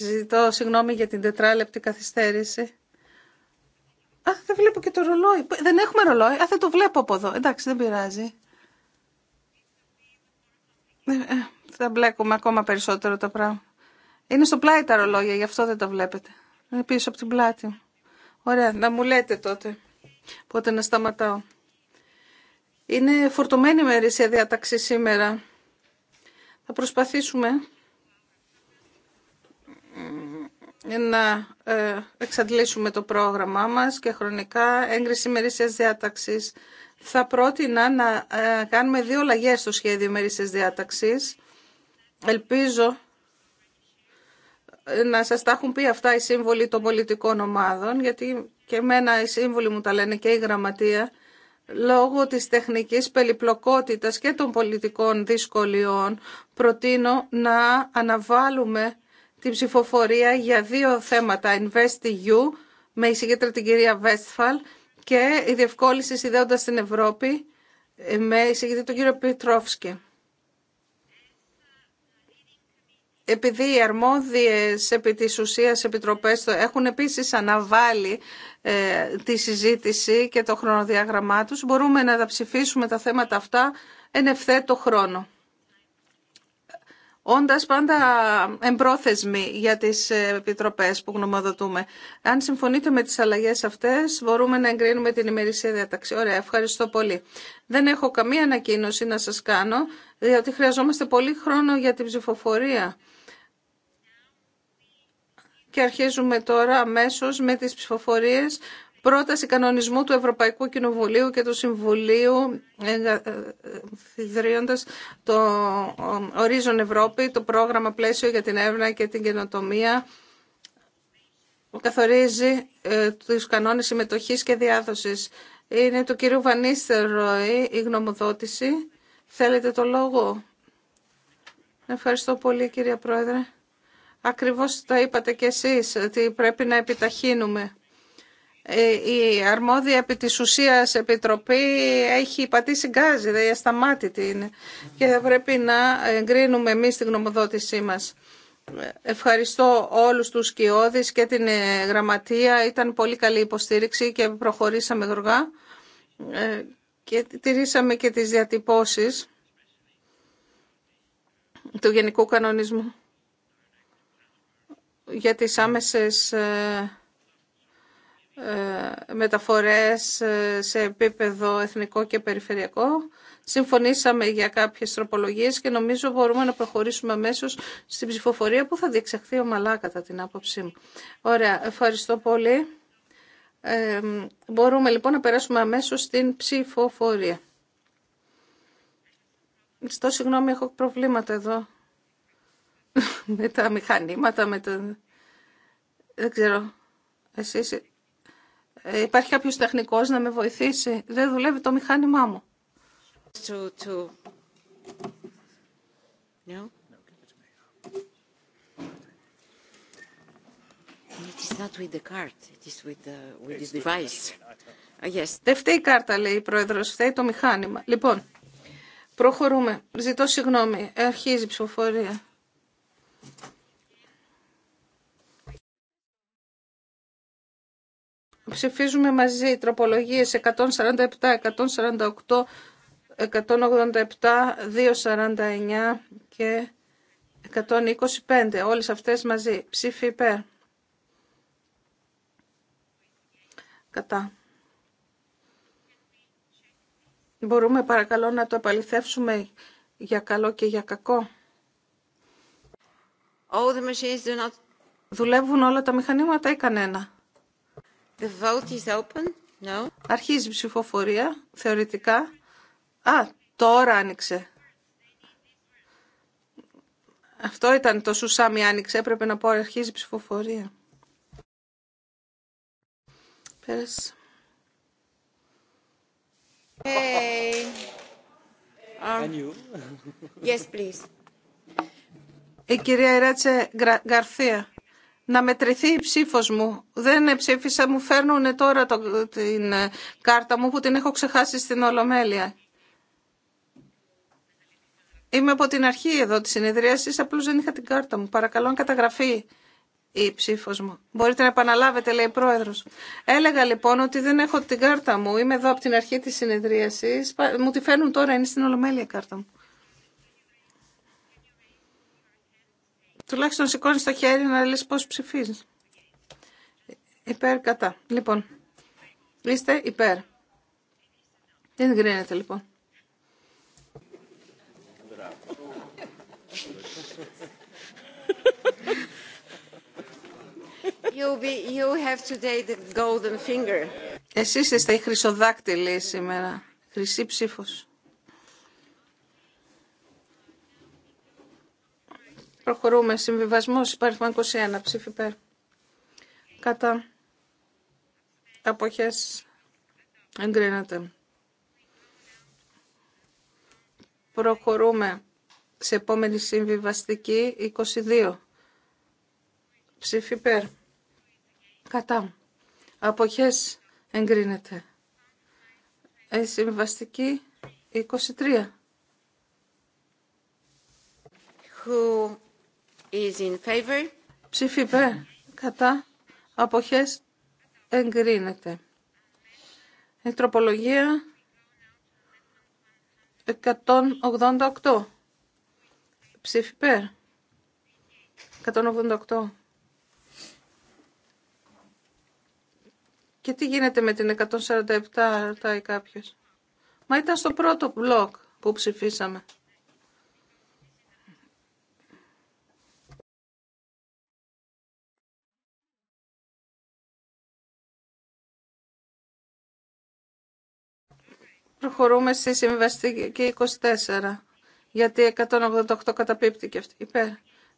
Ζητώ συγγνώμη για την τετράλεπτη καθυστέρηση. Α, δεν βλέπω και το ρολόι. Δεν έχουμε ρολόι. Α, δεν το βλέπω από εδώ. Εντάξει, δεν πειράζει. Ε, ε, θα μπλέκουμε ακόμα περισσότερο τα πράγματα. Είναι στο πλάι τα ρολόγια, γι' αυτό δεν τα βλέπετε. Είναι πίσω από την πλάτη μου. Ωραία, να μου λέτε τότε πότε να σταματάω. Είναι φορτωμένη η μερίσια διάταξη σήμερα. Θα προσπαθήσουμε ε, να ε, εξαντλήσουμε το πρόγραμμά μας και χρονικά έγκριση μερίσια διάταξης. Θα πρότεινα να ε, κάνουμε δύο λαγέ στο σχέδιο μερίσια διάταξης. Ελπίζω να σας τα έχουν πει αυτά οι σύμβολοι των πολιτικών ομάδων, γιατί και εμένα οι σύμβολοι μου τα λένε και η γραμματεία, λόγω της τεχνικής πελιπλοκότητας και των πολιτικών δυσκολιών, προτείνω να αναβάλουμε την ψηφοφορία για δύο θέματα, InvestEU, με εισηγήτρια την κυρία Βέστφαλ και η διευκόλυνση συνδέοντα στην Ευρώπη ε, με εισηγητή τον κύριο Πιτρόφσκι. Επειδή οι αρμόδιες επί της ουσίας επιτροπές έχουν επίσης αναβάλει ε, τη συζήτηση και το χρονοδιάγραμμά τους, μπορούμε να τα ψηφίσουμε τα θέματα αυτά εν ευθέτω χρόνο όντας πάντα εμπρόθεσμοι για τις επιτροπές που γνωμοδοτούμε. Αν συμφωνείτε με τις αλλαγές αυτές, μπορούμε να εγκρίνουμε την ημερησία διαταξή. Ωραία, ευχαριστώ πολύ. Δεν έχω καμία ανακοίνωση να σας κάνω, διότι χρειαζόμαστε πολύ χρόνο για την ψηφοφορία. Και αρχίζουμε τώρα αμέσως με τις ψηφοφορίες πρόταση κανονισμού του Ευρωπαϊκού Κοινοβουλίου και του Συμβουλίου ε, ιδρύοντας το Ορίζον ε, Ευρώπη, το πρόγραμμα πλαίσιο για την έρευνα και την καινοτομία καθορίζει ε, τους κανόνες συμμετοχής και διάδοσης. Είναι του κυρίου Βανίστερ η γνωμοδότηση. Θέλετε το λόγο. Ευχαριστώ πολύ κύριε Πρόεδρε. Ακριβώς τα είπατε κι εσείς ότι πρέπει να επιταχύνουμε. Ε, η αρμόδια επί της ουσίας επιτροπή έχει πατήσει γκάζι, δεν σταμάτητη είναι. Και θα πρέπει να εγκρίνουμε εμείς την γνωμοδότησή μας. Ευχαριστώ όλους τους κοιόδης και την ε, γραμματεία. Ήταν πολύ καλή υποστήριξη και προχωρήσαμε δουργά ε, Και τηρήσαμε και τις διατυπώσεις του Γενικού Κανονισμού για τις άμεσες ε, μεταφορές ε, σε επίπεδο εθνικό και περιφερειακό. Συμφωνήσαμε για κάποιες τροπολογίες και νομίζω μπορούμε να προχωρήσουμε αμέσω στην ψηφοφορία που θα διεξαχθεί ομαλά κατά την άποψή μου. Ωραία, ευχαριστώ πολύ. Ε, μπορούμε λοιπόν να περάσουμε αμέσω στην ψηφοφορία. Στο συγγνώμη, έχω προβλήματα εδώ με τα μηχανήματα, με το... Δεν ξέρω. Εσείς ε, υπάρχει κάποιος τεχνικός να με βοηθήσει. Δεν δουλεύει το μηχάνημά μου. To, It is not with the card. It is with with device. Ah, yes. Δεν φταίει η κάρτα, λέει η πρόεδρος. Φταίει το μηχάνημα. Λοιπόν, προχωρούμε. Ζητώ συγγνώμη. Αρχίζει η ψηφοφορία. Ψηφίζουμε μαζί τροπολογίες 147, 148, 187, 249 και 125. Όλες αυτές μαζί. Ψήφι υπέρ. Κατά. Μπορούμε παρακαλώ να το επαληθεύσουμε για καλό και για κακό. Δουλεύουν όλα τα μηχανήματα ή κανένα. The vote is open. No. Αρχίζει η ψηφοφορία, θεωρητικά. Α, τώρα άνοιξε. Αυτό ήταν το Σουσάμι άνοιξε, έπρεπε να πω αρχίζει η ψηφοφορία. Πέρασε. Hey. yes, please. Η κυρία Εράτσε Γκαρθία να μετρηθεί η ψήφος μου. Δεν ψήφισα, μου φέρνουν τώρα το, την ε, κάρτα μου που την έχω ξεχάσει στην Ολομέλεια. Είμαι από την αρχή εδώ της συνεδρίασης, απλώς δεν είχα την κάρτα μου. Παρακαλώ αν καταγραφεί η ψήφος μου. Μπορείτε να επαναλάβετε, λέει πρόεδρος. Έλεγα λοιπόν ότι δεν έχω την κάρτα μου. Είμαι εδώ από την αρχή της συνεδρίασης. Μου τη φέρνουν τώρα, είναι στην Ολομέλεια η κάρτα μου. Τουλάχιστον σηκώνει το χέρι να λες πώς ψηφίζεις. Υπέρ κατά. Λοιπόν, είστε υπέρ. Δεν γκρίνεται λοιπόν. You have today the golden finger. Εσείς είστε οι χρυσοδάκτυλοι σήμερα. Χρυσή ψήφος. Προχωρούμε. Συμβιβασμός υπάρχει 21. Ψήφι υπέρ. Κατά. Αποχέ. Εγκρίνεται. Προχωρούμε σε επόμενη συμβιβαστική 22. Ψήφι υπέρ. Κατά. Αποχέ εγκρίνεται. Ε, 23 is in favor. Ψήφι Κατά. Αποχές. Εγκρίνεται. Η 188. Ψήφι υπέρ. 188. Και τι γίνεται με την 147, ρωτάει κάποιος. Μα ήταν στο πρώτο μπλοκ που ψηφίσαμε. Προχωρούμε στη συμβαστική 24, γιατί 188 καταπίπτει και αυτή. Υπέρ,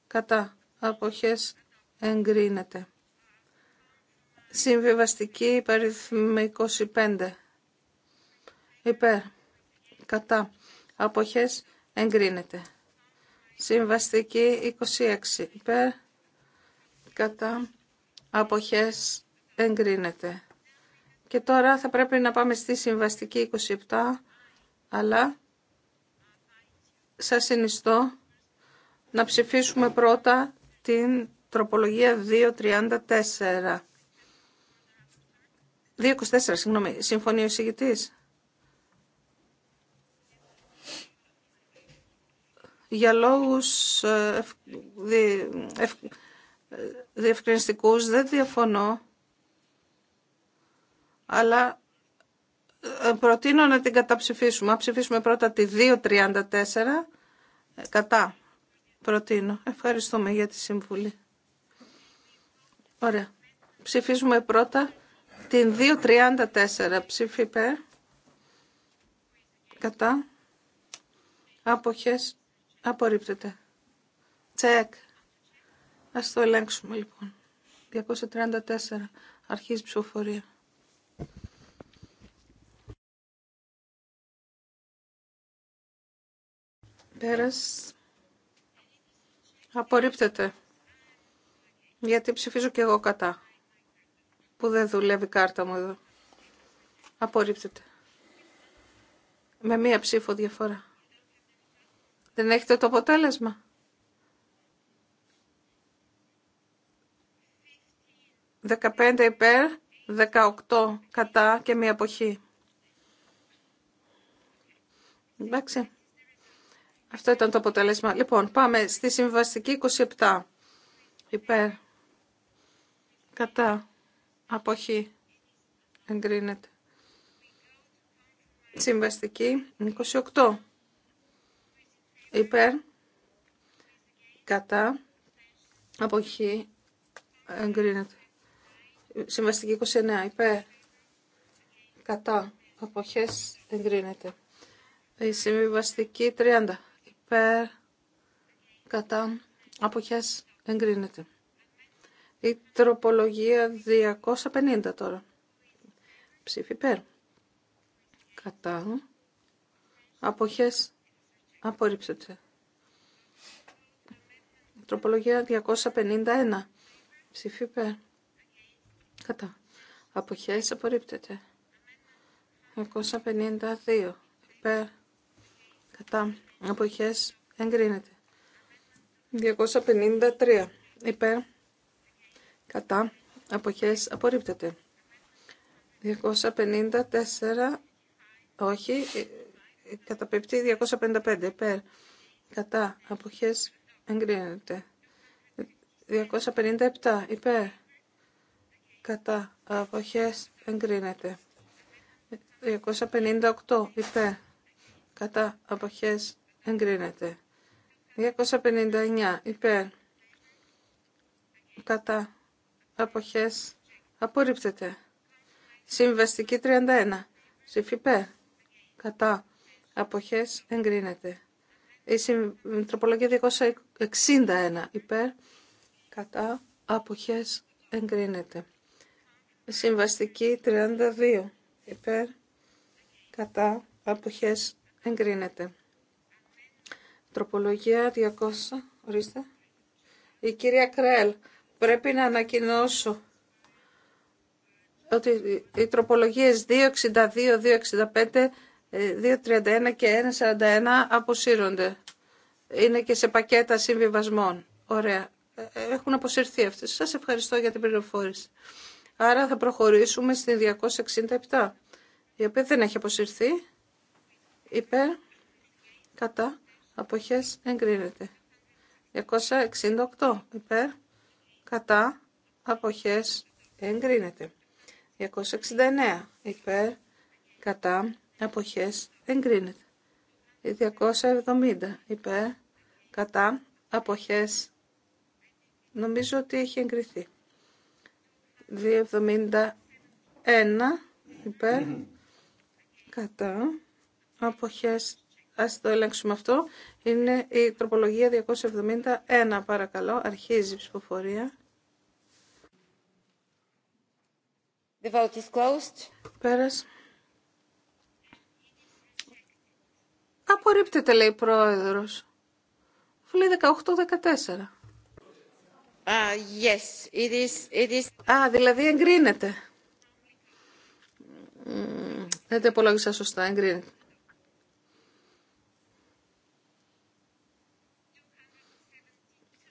κατά, αποχές εγκρίνεται. Συμβιβαστική υπαριθμή 25. Υπέρ, κατά, αποχές εγκρίνεται. Συμβαστική 26. Υπέρ, κατά, αποχές εγκρίνεται. Και τώρα θα πρέπει να πάμε στη συμβαστική 27, αλλά σας συνιστώ να ψηφίσουμε πρώτα την τροπολογία 234. 224, συγγνώμη, συμφωνεί ο εισηγητής. Για λόγους ε, ευ... δεν διαφωνώ αλλά ε, προτείνω να την καταψηφίσουμε. Αν ψηφίσουμε πρώτα τη 2.34, ε, κατά προτείνω. Ευχαριστούμε για τη συμβουλή. Ωραία. Ψηφίζουμε πρώτα την 2.34. Ψήφι Κατά. Άποχες. Απορρίπτεται. Τσεκ. Ας το ελέγξουμε λοιπόν. 234. Αρχίζει ψηφοφορία. Πέρας. Απορρίπτεται. Γιατί ψηφίζω και εγώ κατά. Που δεν δουλεύει η κάρτα μου εδώ. Απορρίπτεται. Με μία ψήφο διαφορά. Δεν έχετε το αποτέλεσμα. 15 υπέρ, 18 κατά και μία αποχή. Εντάξει. Αυτό ήταν το αποτέλεσμα. Λοιπόν, πάμε στη συμβαστική 27. Υπέρ. Κατά. Αποχή. Εγκρίνεται. Συμβαστική 28. Υπέρ. Κατά. Αποχή. Εγκρίνεται. Συμβαστική 29. Υπέρ. Κατά. Αποχές. Εγκρίνεται. Η συμβαστική 30 υπέρ κατά αποχές εγκρίνεται. Η τροπολογία 250 τώρα. Ψήφι περ Κατά. Αποχές απορρίψεται. τροπολογία 251. Ψήφι περ Κατά. Αποχές απορρίπτεται. 252. Υπέρ κατά αποχές εγκρίνεται. 253 υπέρ κατά αποχές απορρίπτεται. 254 όχι ε, ε, καταπεπτεί 255 υπέρ κατά αποχές εγκρίνεται. 257 υπέρ κατά αποχές εγκρίνεται. 258 υπέρ κατά αποχές εγκρίνεται. 259 υπέρ κατά αποχές απορρίπτεται. Συμβαστική 31 ψήφι υπέρ κατά αποχές εγκρίνεται. Η τροπολογία 261 υπέρ κατά αποχές εγκρίνεται. Συμβαστική 32 υπέρ κατά αποχές Εγκρίνεται. Τροπολογία 200. Ορίστε. Η κυρία Κρέλ, πρέπει να ανακοινώσω ότι οι τροπολογίες 262, 265, 231 και 141 αποσύρονται. Είναι και σε πακέτα συμβιβασμών. Ωραία. Ε, έχουν αποσυρθεί αυτές. Σας ευχαριστώ για την πληροφόρηση. Άρα θα προχωρήσουμε στην 267, η οποία δεν έχει αποσυρθεί υπέρ κατά αποχές εγκρίνεται. 268 υπέρ κατά αποχές εγκρίνεται. 269 υπέρ κατά αποχές εγκρίνεται. 270 υπέρ κατά αποχές νομίζω ότι έχει εγκριθεί. 271 υπέρ κατά αποχές, ας το ελέγξουμε αυτό, είναι η τροπολογία 271 παρακαλώ, αρχίζει η ψηφοφορία. The vote is closed. Πέρας. Απορρίπτεται λέει η πρόεδρος. Λέει 18-14. Uh, yes, it is, it is... Α, δηλαδή εγκρίνεται. δεν το υπολόγισα σωστά, εγκρίνεται.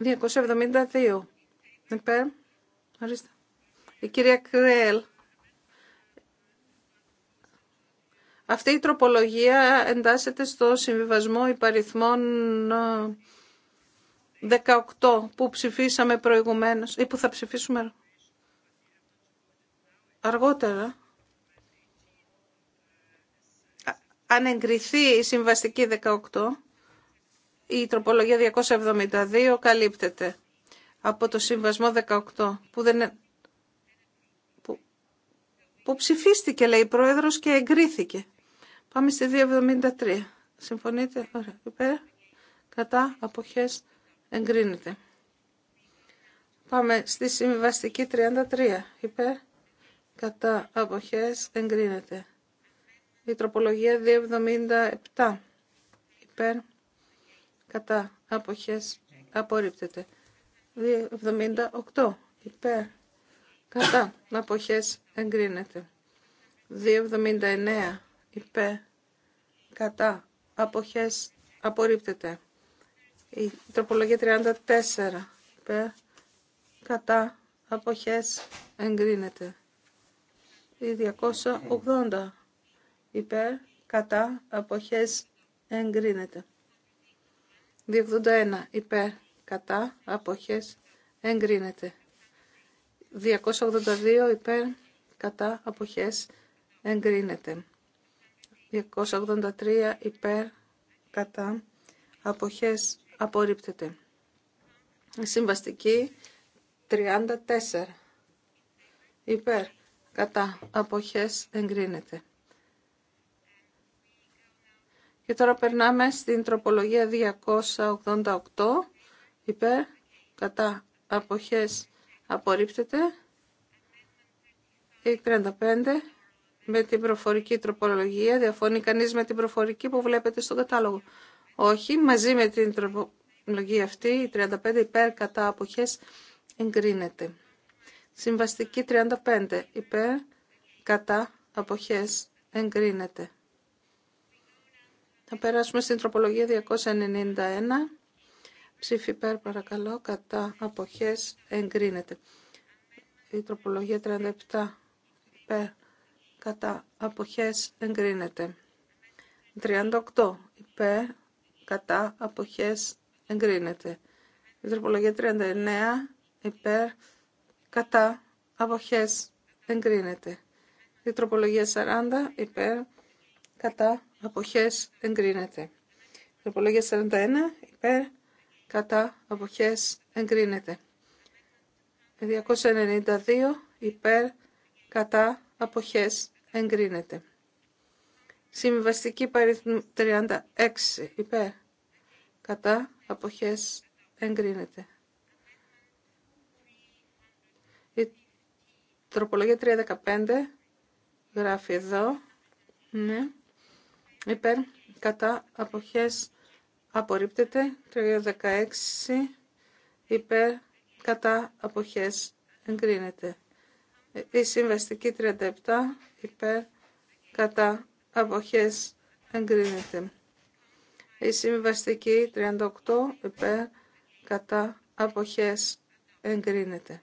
272. Ορίστε. Η κυρία Κρέλ. Αυτή η τροπολογία εντάσσεται στο συμβιβασμό υπαριθμών 18 ε, που ψηφίσαμε προηγουμένως ή που θα ψηφίσουμε αργότερα. Αν εγκριθεί η συμβαστική 18 η τροπολογία 272 καλύπτεται από το Συμβασμό 18 που, δεν... που... ψηφίστηκε λέει η Πρόεδρος και εγκρίθηκε. Πάμε στη 273. Συμφωνείτε. Ωραία. Υπέρ. Κατά. Αποχές. Εγκρίνεται. Πάμε στη συμβαστική 33. Υπέρ. Κατά. Αποχές. Εγκρίνεται. Η τροπολογία 277. Υπέρ κατά αποχές απορρίπτεται. 2,78 υπέρ κατά αποχές εγκρίνεται. 2,79 υπέρ κατά αποχές απορρίπτεται. Η τροπολογία 34 υπέρ κατά αποχές εγκρίνεται. Η 280 υπέρ κατά αποχές εγκρίνεται. 281 υπέρ κατά αποχές εγκρίνεται. 282 υπέρ κατά αποχές εγκρίνεται. 283 υπέρ κατά αποχές απορρίπτεται. Συμβαστική 34 υπέρ κατά αποχές εγκρίνεται. Και τώρα περνάμε στην τροπολογία 288 υπέρ κατά αποχές απορρίπτεται. Η 35 με την προφορική τροπολογία. Διαφωνεί κανεί με την προφορική που βλέπετε στον κατάλογο. Όχι, μαζί με την τροπολογία αυτή η 35 υπέρ κατά αποχές εγκρίνεται. Συμβαστική 35 υπέρ κατά αποχές εγκρίνεται. Θα περάσουμε στην τροπολογία 291. Ψήφι υπέρ παρακαλώ, κατά αποχές εγκρίνεται. Η τροπολογία 37 υπέρ κατά αποχές εγκρίνεται. 38 υπέρ κατά αποχές εγκρίνεται. Η τροπολογία 39 υπέρ κατά αποχές εγκρίνεται. Η τροπολογία 40 υπέρ κατά αποχές εγκρίνεται. Τροπολογία 41 υπέρ κατά αποχές εγκρίνεται. 292 υπέρ κατά αποχές εγκρίνεται. Συμβαστική παρήθμη 36 υπέρ κατά αποχές εγκρίνεται. Η τροπολογία 315 γράφει εδώ. Ναι υπέρ κατά αποχές απορρίπτεται 316 υπέρ κατά αποχές εγκρίνεται η συμβαστική 37 υπέρ κατά αποχές εγκρίνεται η συμβαστική 38 υπέρ κατά αποχές εγκρίνεται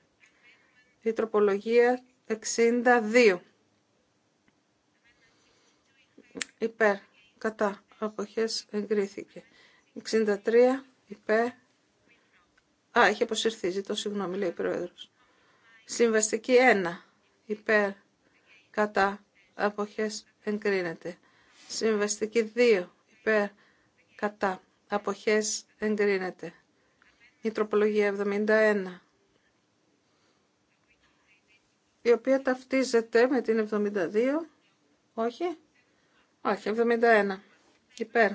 η τροπολογία 62 υπέρ κατά αποχές εγκρίθηκε. 63 υπέρ. Α, έχει αποσυρθεί, ζητώ συγγνώμη, λέει ο Πρόεδρος. Συμβαστική 1 υπέρ κατά αποχές εγκρίνεται. Συμβαστική 2 υπέρ κατά αποχές εγκρίνεται. Η τροπολογία 71 η οποία ταυτίζεται με την 72, όχι, όχι, 71. Υπέρ.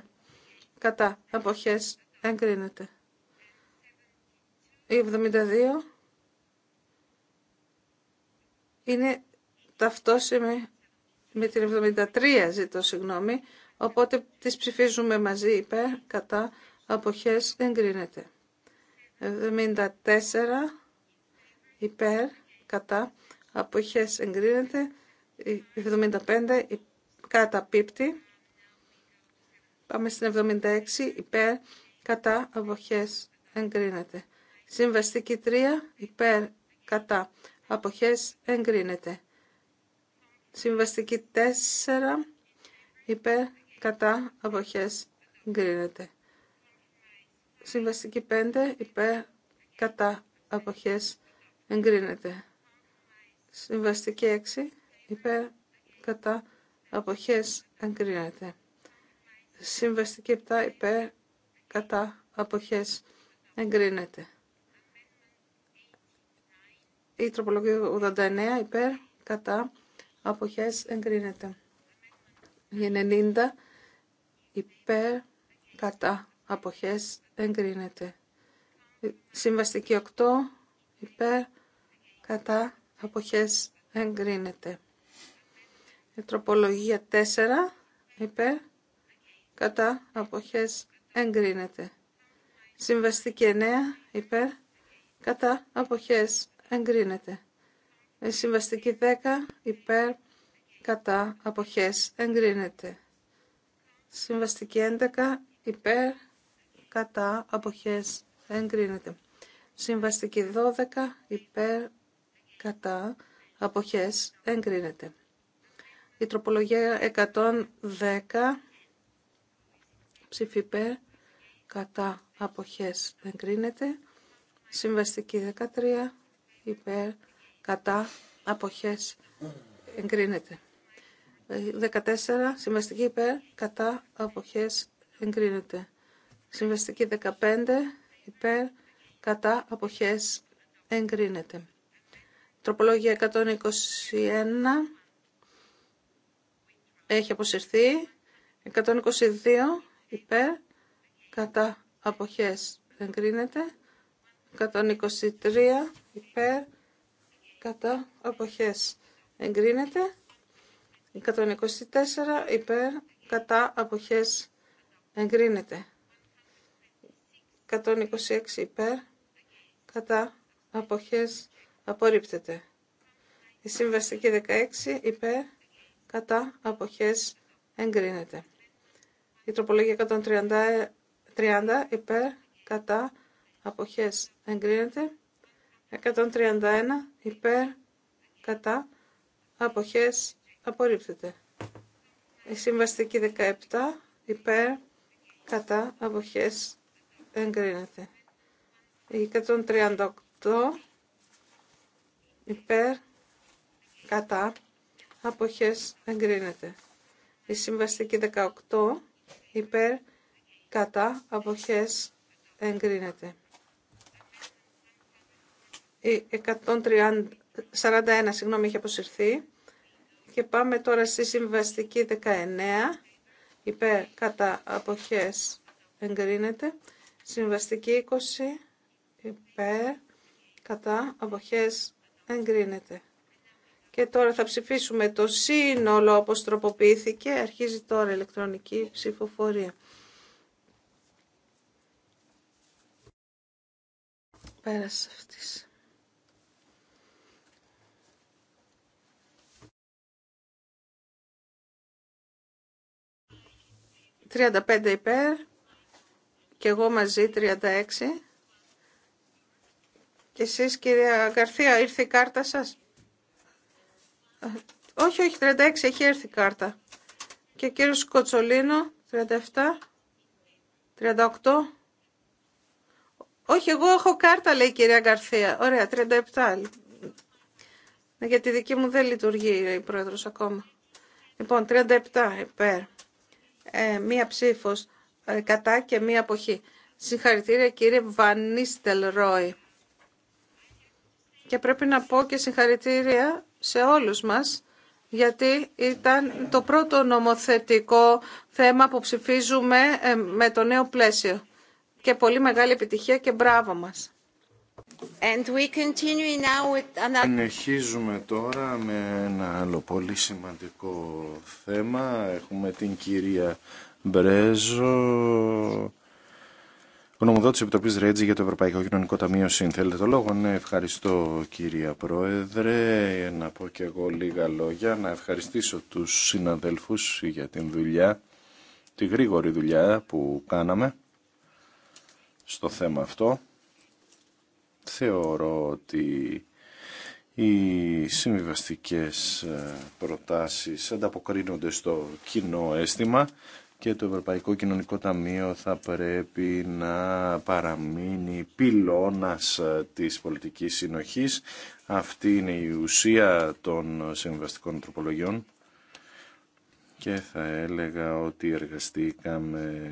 Κατά. Αποχές. Εγκρίνεται. 72. Είναι ταυτόσιμη με την 73, ζητώ συγγνώμη. Οπότε τις ψηφίζουμε μαζί υπέρ. Κατά. Αποχές. Εγκρίνεται. 74. Υπέρ. Κατά. Αποχές. Εγκρίνεται. 75. Υπέρ καταπίπτει. Πάμε στην 76 υπέρ κατά αποχές εγκρίνεται. Συμβαστική 3 υπέρ κατά αποχές εγκρίνεται. Συμβαστική 4 υπέρ κατά αποχές εγκρίνεται. Συμβαστική 5 υπέρ κατά αποχές εγκρίνεται. Συμβαστική 6 υπέρ κατά αποχές εγκρίνεται. Συμβαστική 7 υπέρ κατά αποχές εγκρίνεται. Η τροπολογία 89 υπέρ κατά αποχές εγκρίνεται. Η 90 υπέρ κατά αποχές εγκρίνεται. συμβαστική 8 υπέρ κατά αποχές εγκρίνεται. Η τροπολογία 4 υπέρ κατά αποχές εγκρίνεται. Συμβαστική 9 υπέρ κατά αποχές εγκρίνεται. Η συμβαστική 10 υπέρ κατά αποχές εγκρίνεται. Συμβαστική 11 υπέρ κατά αποχές εγκρίνεται. Συμβαστική 12 υπέρ κατά αποχές εγκρίνεται. Η τροπολογία 110 ψηφιπέ κατά αποχές εγκρίνεται. Συμβαστική 13 υπέρ κατά αποχές εγκρίνεται. 14 ε, συμβαστική υπέρ κατά αποχές εγκρίνεται. Συμβαστική 15 υπέρ κατά αποχές εγκρίνεται. Τροπολογία 121 έχει αποσυρθεί. 122 υπέρ κατά αποχές εγκρίνεται. 123 υπέρ κατά αποχές εγκρίνεται. 124 υπέρ κατά αποχές εγκρίνεται. 126 υπέρ κατά αποχές απορρίπτεται. Η συμβαστική 16 υπέρ κατά αποχές εγκρίνεται. Η τροπολογία 130 30 υπέρ κατά αποχές εγκρίνεται. 131 υπέρ κατά αποχές απορρίπτεται. Η συμβαστική 17 υπέρ κατά αποχές εγκρίνεται. Η 138 υπέρ κατά αποχές εγκρίνεται. Η συμβαστική 18 υπέρ κατά αποχές εγκρίνεται. Η 141, συγγνώμη έχει αποσυρθεί και πάμε τώρα στη συμβαστική 19 υπέρ κατά αποχές εγκρίνεται. Συμβαστική 20 υπέρ κατά αποχές εγκρίνεται. Και τώρα θα ψηφίσουμε το σύνολο όπως τροποποιήθηκε. Αρχίζει τώρα η ηλεκτρονική ψηφοφορία. Πέρασε αυτής. «35 υπέρ» και εγώ μαζί «36». Και εσείς κυρία Γκαρθία ήρθε η κάρτα σας. Όχι, όχι, 36, έχει έρθει η κάρτα. Και ο κύριος Κοτσολίνο, 37, 38. Όχι, εγώ έχω κάρτα, λέει η κυρία Γκαρθία. Ωραία, 37. Ναι, γιατί δική μου δεν λειτουργεί, λέει η πρόεδρος ακόμα. Λοιπόν, 37 υπέρ. Ε, μία ψήφος ε, κατά και μία αποχή. Συγχαρητήρια κύριε Βανίστελ Ρόι. Και πρέπει να πω και συγχαρητήρια σε όλους μας, γιατί ήταν το πρώτο νομοθετικό θέμα που ψηφίζουμε ε, με το νέο πλαίσιο. Και πολύ μεγάλη επιτυχία και μπράβο μας. And we now τώρα με ένα άλλο πολύ σημαντικό θέμα. Έχουμε την κυρία Μπρέζο Γνωμοδότη Επιτροπή Ρέτζη για το Ευρωπαϊκό Κοινωνικό Ταμείο ΣΥΝ. Θέλετε το λόγο. Ναι, ευχαριστώ κυρία Πρόεδρε. Να πω και εγώ λίγα λόγια. Να ευχαριστήσω τους συναδέλφους για την δουλειά, τη γρήγορη δουλειά που κάναμε στο θέμα αυτό. Θεωρώ ότι οι συμβιβαστικές ε, προτάσεις ανταποκρίνονται στο κοινό αίσθημα και το Ευρωπαϊκό Κοινωνικό Ταμείο θα πρέπει να παραμείνει πυλώνας ε, της πολιτικής συνοχής. Αυτή είναι η ουσία των συμβαστικών τροπολογιών και θα έλεγα ότι εργαστήκαμε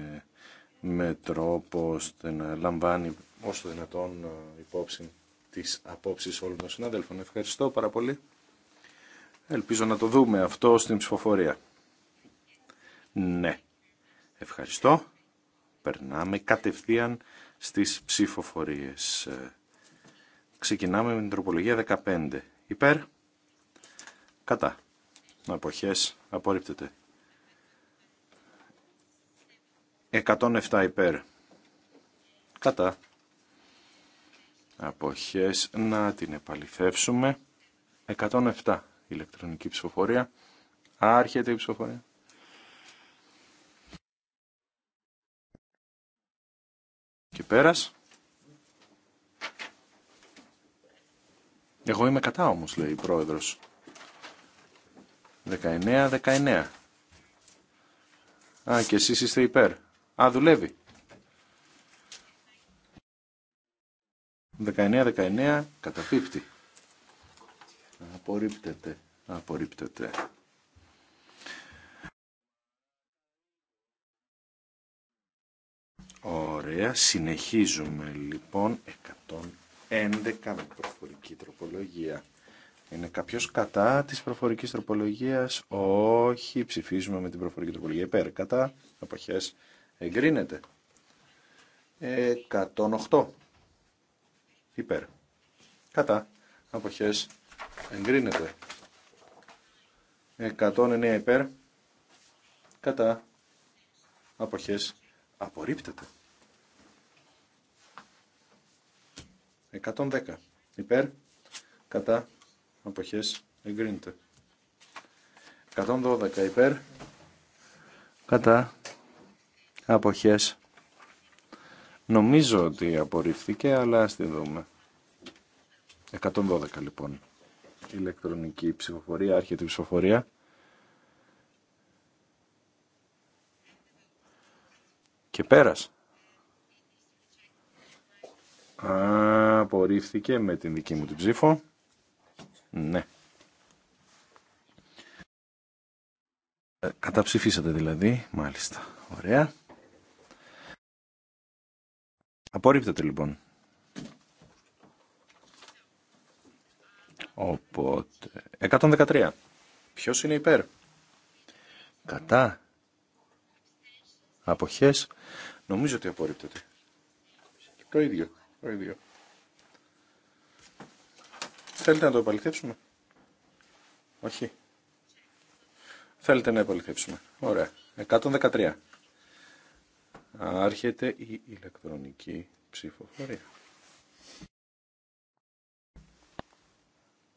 με τρόπο ώστε να λαμβάνει όσο δυνατόν ε, υπόψη τις απόψεις όλων των συναδέλφων. Ευχαριστώ πάρα πολύ. Ελπίζω να το δούμε αυτό στην ψηφοφορία. Ναι. Ευχαριστώ. Περνάμε κατευθείαν στις ψηφοφορίες. Ε, ξεκινάμε με την τροπολογία 15. Υπέρ. Κατά. Αποχές. Απορρίπτεται. 107 υπέρ. Κατά. Αποχές. Να την επαληθεύσουμε. 107 ηλεκτρονική ψηφοφορία. Άρχεται η ψηφοφορία. Και πέρας. Εγώ είμαι κατά όμως, λέει η πρόεδρος. 19-19. Α, και εσείς είστε υπέρ. Α, δουλεύει. 19-19 καταπίπτει. Απορρίπτεται. Απορρίπτεται. Ωραία, συνεχίζουμε λοιπόν 111 με προφορική τροπολογία. Είναι κάποιο κατά της προφορικής τροπολογίας. Όχι, ψηφίζουμε με την προφορική τροπολογία υπέρ. Κατά, αποχές, εγκρίνεται. 108 υπέρ. Κατά, αποχές, εγκρίνεται. 109 υπέρ. Κατά, αποχές, απορρίπτεται. 110 υπέρ κατά αποχές εγκρίνεται 112 υπέρ κατά αποχές νομίζω ότι απορρίφθηκε αλλά ας τη δούμε 112 λοιπόν ηλεκτρονική ψηφοφορία άρχεται η ψηφοφορία και πέρασε. Απορρίφθηκε με την δική μου την ψήφο. Ναι. Ε, καταψηφίσατε δηλαδή, μάλιστα. Ωραία. Απορρίπτεται λοιπόν. Οπότε... 113. Ποιος είναι υπέρ. Κατά. Αποχές. Νομίζω ότι απορρίπτεται. Το ίδιο. Το ίδιο. Θέλετε να το επαληθεύσουμε. Όχι. Θέλετε να επαληθεύσουμε. Ωραία. 113. Άρχεται η ηλεκτρονική ψηφοφορία.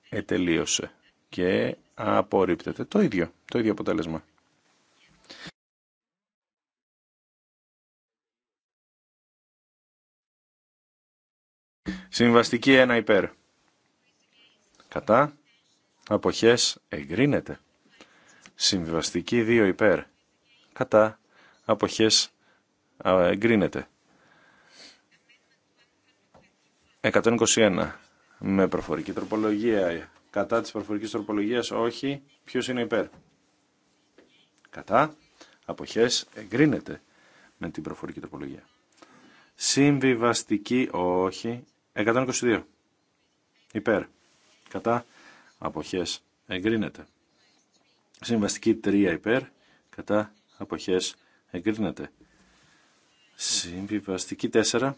Ετελείωσε. Και απορρίπτεται. Το ίδιο. Το ίδιο αποτέλεσμα. Συμβαστική ένα υπέρ. Κατά. Αποχές εγκρίνεται. Συμβαστική δύο υπέρ. Κατά. Αποχές εγκρίνεται. 121 με προφορική τροπολογία. Κατά της προφορικής τροπολογίας όχι. Ποιος είναι υπέρ. Κατά. Αποχές εγκρίνεται με την προφορική τροπολογία. Συμβιβαστική όχι. 122. Υπέρ. Κατά. Αποχές. Εγκρίνεται. Συμβαστική 3 υπέρ. Κατά. Αποχές. Εγκρίνεται. Συμβιβαστική 4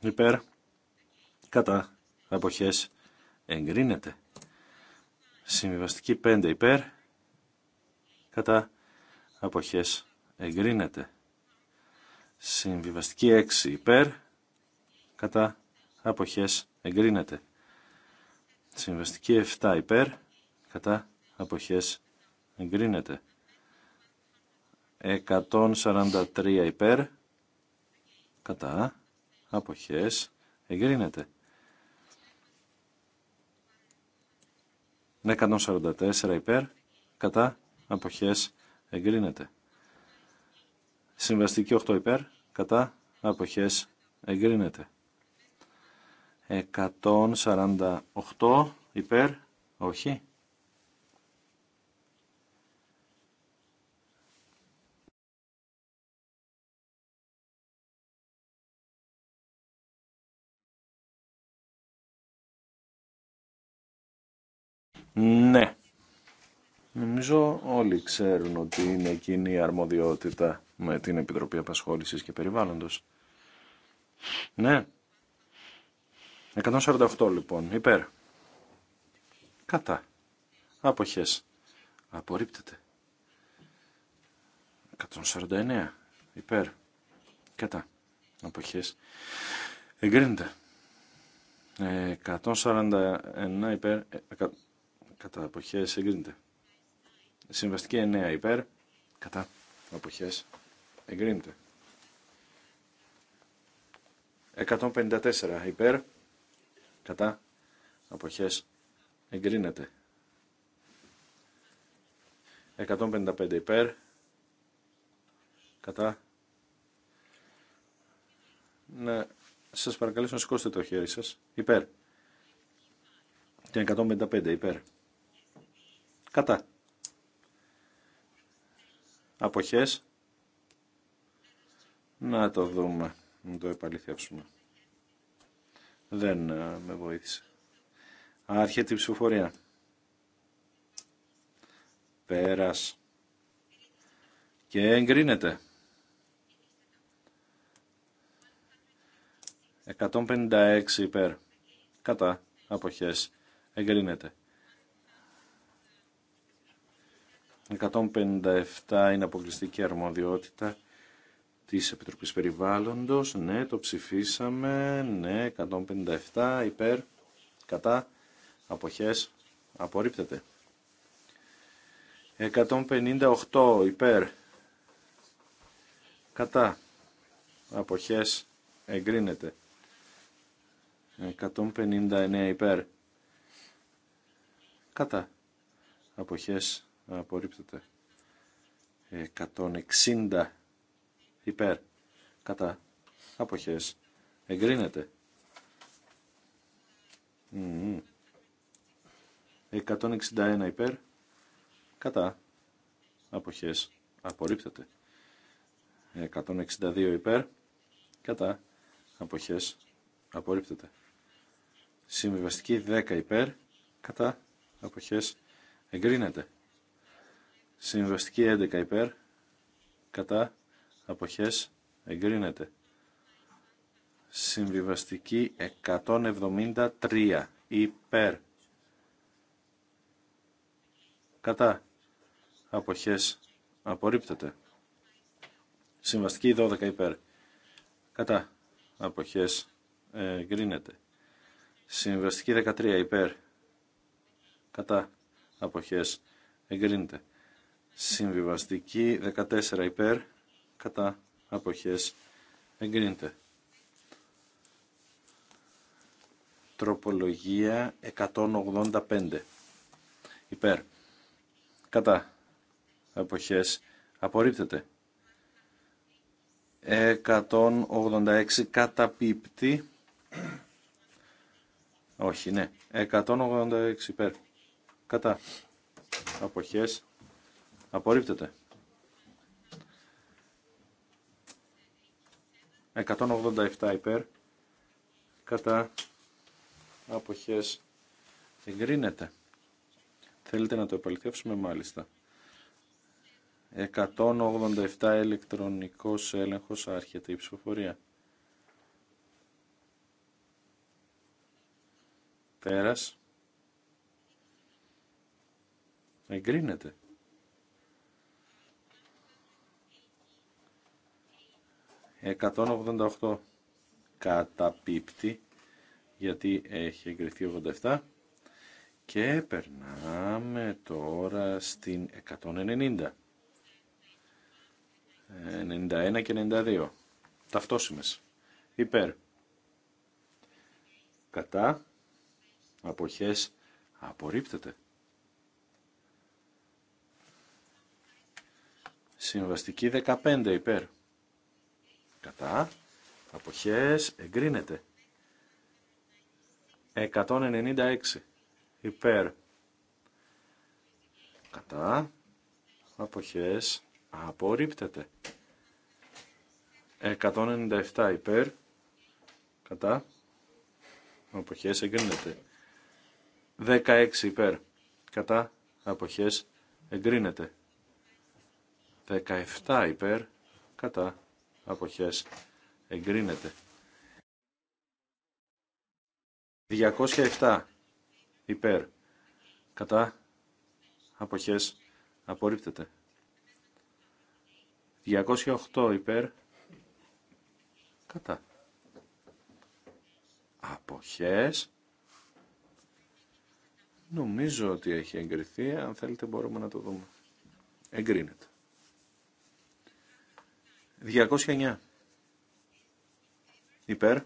υπέρ. Κατά. Αποχές. Εγκρίνεται. Συμβιβαστική 5 υπέρ. Κατά. Αποχές. Εγκρίνεται. Συμβιβαστική 6 υπέρ. Κατά αποχές εγκρίνεται. Συμβαστική 7 υπέρ, κατά αποχές εγκρίνεται. 143 υπέρ, κατά αποχές εγκρίνεται. 144 υπέρ, κατά αποχές εγκρίνεται. Συμβαστική 8 υπέρ, κατά αποχές εγκρίνεται. 148 υπέρ, όχι. Ναι. Νομίζω όλοι ξέρουν ότι είναι εκείνη η αρμοδιότητα με την Επιτροπή Απασχόλησης και Περιβάλλοντος. Ναι. 148 λοιπόν, υπέρ. Κατά. Αποχές. Απορρίπτεται. 149. Υπέρ. Κατά. Αποχές. Εγκρίνεται. 141 ε, υπέρ. κατά αποχές εγκρίνεται. Συμβαστική 9 υπέρ. Κατά αποχές εγκρίνεται. 154 υπέρ κατά αποχές εγκρίνεται 155 υπέρ κατά να σας παρακαλέσω να σηκώσετε το χέρι σας υπέρ την 155 υπέρ κατά αποχές να το δούμε να το επαληθεύσουμε δεν ε, με βοήθησε. Άρχεται η ψηφοφορία. Πέρας. Και εγκρίνεται. 156 υπέρ. Κατά. Αποχές. Εγκρίνεται. 157 είναι αποκλειστική αρμοδιότητα της Επιτροπής Περιβάλλοντος. Ναι, το ψηφίσαμε. Ναι, 157 υπέρ, κατά, αποχές, απορρίπτεται. 158 υπέρ, κατά, αποχές, εγκρίνεται. 159 υπέρ, κατά, αποχές, απορρίπτεται. 160 υπέρ, κατά, αποχές, εγκρίνεται. 161 υπέρ, κατά, αποχές, απορρίπτεται. 162 υπέρ, κατά, αποχές, απορρίπτεται. Συμβιβαστική 10 υπέρ, κατά, αποχές, εγκρίνεται. Συμβιβαστική 11 υπέρ, κατά, αποχές εγκρίνεται. Συμβιβαστική 173 υπέρ κατά αποχές απορρίπτεται. Συμβαστική 12 υπέρ κατά αποχές εγκρίνεται. Συμβαστική 13 υπέρ κατά αποχές εγκρίνεται. Συμβιβαστική 14 υπέρ κατά αποχές εγκρίνεται. Τροπολογία 185 υπέρ κατά αποχές απορρίπτεται. 186 καταπίπτει. Όχι, ναι. 186 υπέρ. Κατά. Αποχές. Απορρίπτεται. 187 υπέρ κατά αποχές εγκρίνεται. Θέλετε να το επαληθεύσουμε μάλιστα. 187 ηλεκτρονικός έλεγχος άρχεται η ψηφοφορία. Πέρας. Εγκρίνεται. 188 καταπίπτει γιατί έχει εγκριθεί 87 και περνάμε τώρα στην 190 91 και 92 ταυτόσιμες υπέρ κατά αποχές απορρίπτεται συμβαστική 15 υπέρ κατά, αποχές, εγκρίνεται. 196 υπέρ, κατά, αποχές, απορρίπτεται. 197 υπέρ, κατά, αποχές, εγκρίνεται. 16 υπέρ, κατά, αποχές, εγκρίνεται. 17 υπέρ, κατά, αποχές εγκρίνεται. 207 υπέρ κατά αποχές απορρίπτεται. 208 υπέρ κατά αποχές νομίζω ότι έχει εγκριθεί αν θέλετε μπορούμε να το δούμε εγκρίνεται 209. Υπέρ.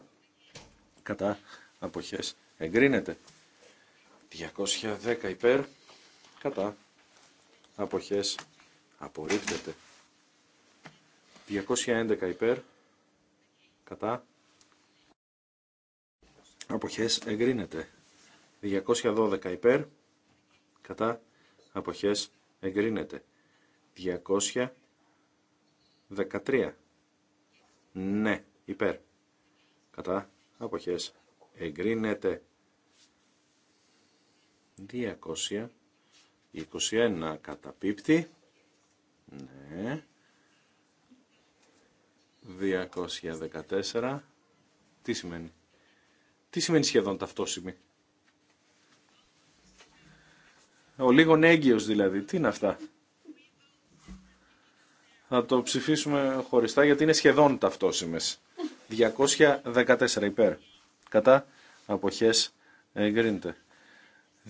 Κατά. Αποχές. Εγκρίνεται. 210 υπέρ. Κατά. Αποχές. Απορρίπτεται. 211 υπέρ. Κατά. Αποχές. Εγκρίνεται. 212 υπέρ. Κατά. Αποχές. Εγκρίνεται. 200 13. Ναι, υπέρ. Κατά αποχές εγκρίνεται 221 καταπίπτει. Ναι. 214. Τι σημαίνει. Τι σημαίνει σχεδόν ταυτόσημη. Ο λίγο έγκυος δηλαδή. Τι είναι αυτά να το ψηφίσουμε χωριστά γιατί είναι σχεδόν ταυτόσιμες. 214 υπέρ. Κατά αποχές εγκρίνεται.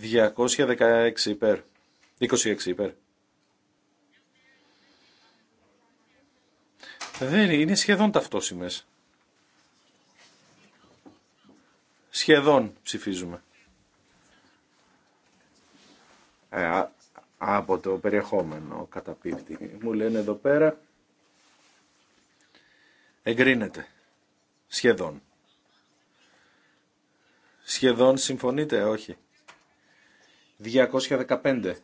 216 υπέρ. 26 υπέρ. Δεν είναι σχεδόν ταυτόσιμες. Σχεδόν ψηφίζουμε. Ε, από το περιεχόμενο καταπίπτει. Μου λένε εδώ πέρα εγκρίνεται σχεδόν. Σχεδόν συμφωνείτε, όχι. 215.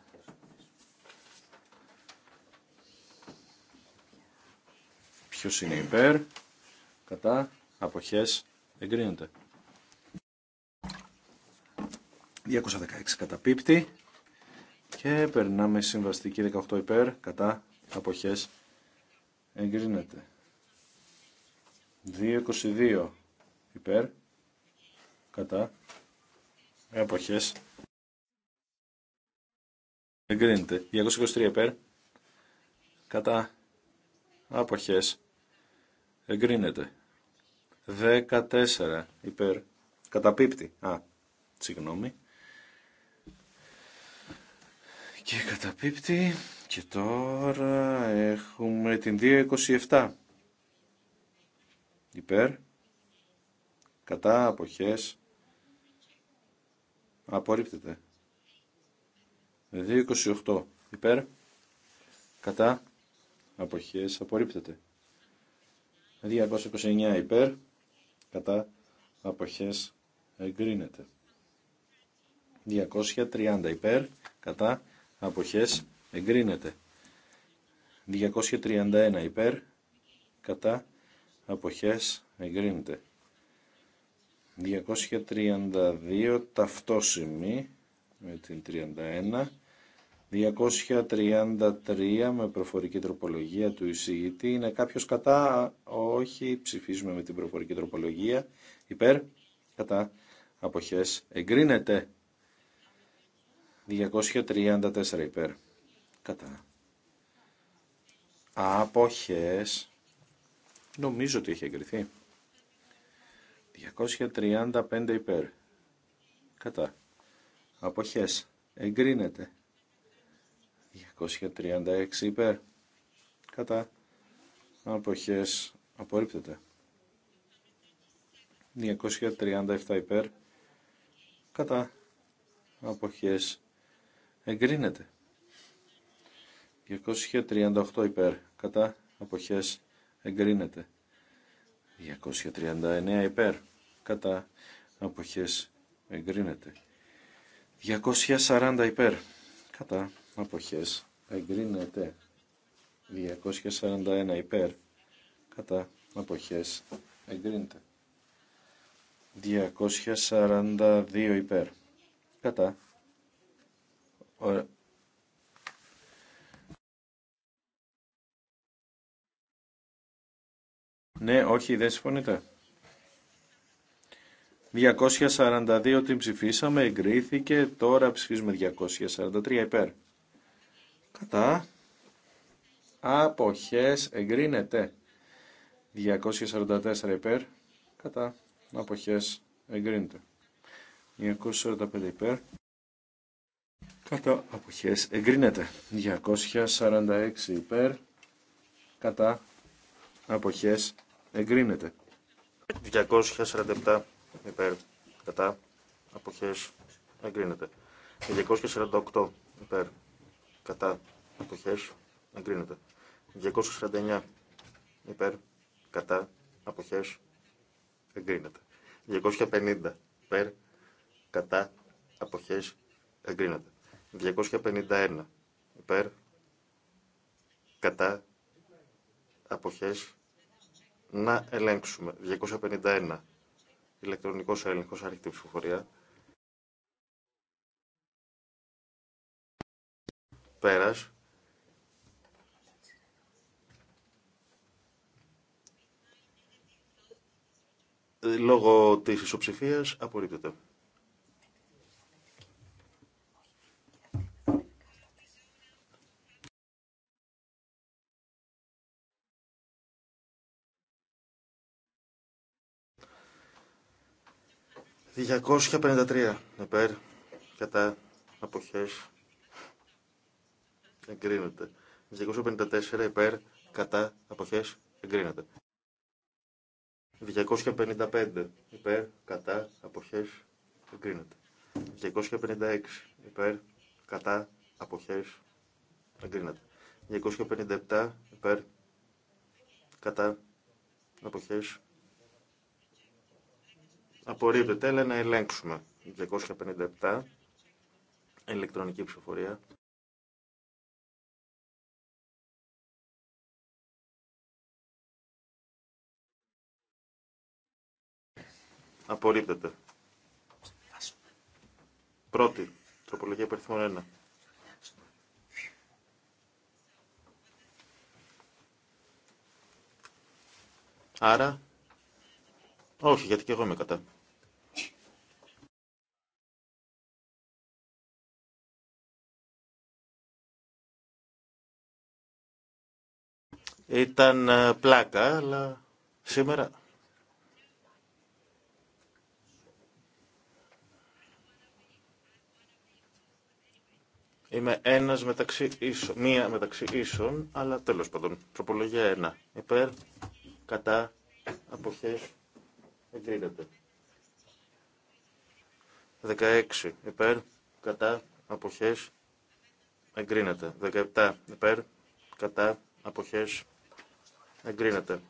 Ποιος είναι υπέρ, κατά, αποχές, εγκρίνεται. 216 καταπίπτει. Και περνάμε συμβαστική 18 υπέρ, κατά, αποχές, εγκρίνεται. 2.22 υπέρ, κατά, αποχές, εγκρίνεται. 223 υπέρ, κατά, αποχές, εγκρίνεται. 14 υπέρ, καταπίπτει, α, συγγνώμη. και καταπίπτει και τώρα έχουμε την 2.27 υπέρ κατά αποχές απορρίπτεται 2.28 υπέρ κατά αποχές απορρίπτεται 229 υπέρ κατά αποχές εγκρίνεται 230 υπέρ κατά αποχές εγκρίνεται. 231 υπέρ κατά αποχές εγκρίνεται. 232 ταυτόσημη με την 31. 233 με προφορική τροπολογία του εισηγητή. Είναι κάποιος κατά, όχι, ψηφίζουμε με την προφορική τροπολογία. Υπέρ, κατά, αποχές, εγκρίνεται. 234 υπέρ. Κατά. Αποχές. Νομίζω ότι έχει εγκριθεί. 235 υπέρ. Κατά. Αποχές. Εγκρίνεται. 236 υπέρ. Κατά. Αποχές. Απορρίπτεται. 237 υπέρ. Κατά. Αποχές εγκρίνεται. 238 υπέρ κατά αποχές εγκρίνεται. 239 υπέρ κατά αποχές εγκρίνεται. 240 υπέρ κατά αποχές εγκρίνεται. 241 υπέρ κατά αποχές εγκρίνεται. 242 υπέρ κατά ναι, όχι, δεν συμφωνείτε. 242 την ψηφίσαμε, εγκρίθηκε, τώρα ψηφίζουμε 243 υπέρ. Κατά. Αποχές, εγκρίνεται. 244 υπέρ. Κατά. Αποχές, εγκρίνεται. 245 υπέρ κατά αποχές εγκρίνεται. 246 υπέρ κατά αποχές εγκρίνεται. 247 υπέρ κατά αποχές εγκρίνεται. 248 υπέρ κατά αποχές εγκρίνεται. 249 υπέρ κατά αποχές εγκρίνεται. 250 υπέρ κατά αποχές εγκρίνεται. 251 υπέρ κατά αποχές να ελέγξουμε. 251 ηλεκτρονικός έλεγχος άρχιτη ψηφοφορία. Πέρας. Ε, λόγω της ισοψηφίας απορρίπτεται. 253 υπέρ κατά αποχές εγκρίνεται. 254 υπέρ κατά αποχές εγκρίνεται. 255 υπέρ κατά αποχές εγκρίνεται. 256 υπέρ κατά αποχές εγκρίνεται. 257 υπέρ κατά αποχές Απορρίπτεται, αλλά να ελέγξουμε. 257, ηλεκτρονική ψηφοφορία. Απορρίπτεται. Πρώτη, τροπολογία υπερθυμών 1. Άρα όχι, γιατί και εγώ είμαι κατά. Ήταν ε, πλάκα, αλλά σήμερα... Είμαι ένας μεταξύ ίσων, μία μεταξύ ίσων, αλλά τέλος πάντων. Τροπολογία ένα. Υπέρ, κατά, αποχές, Εγκρίνεται. 16 υπέρ, κατά, αποχές, εγκρίνεται. 17 υπέρ, κατά, αποχές, εγκρίνεται.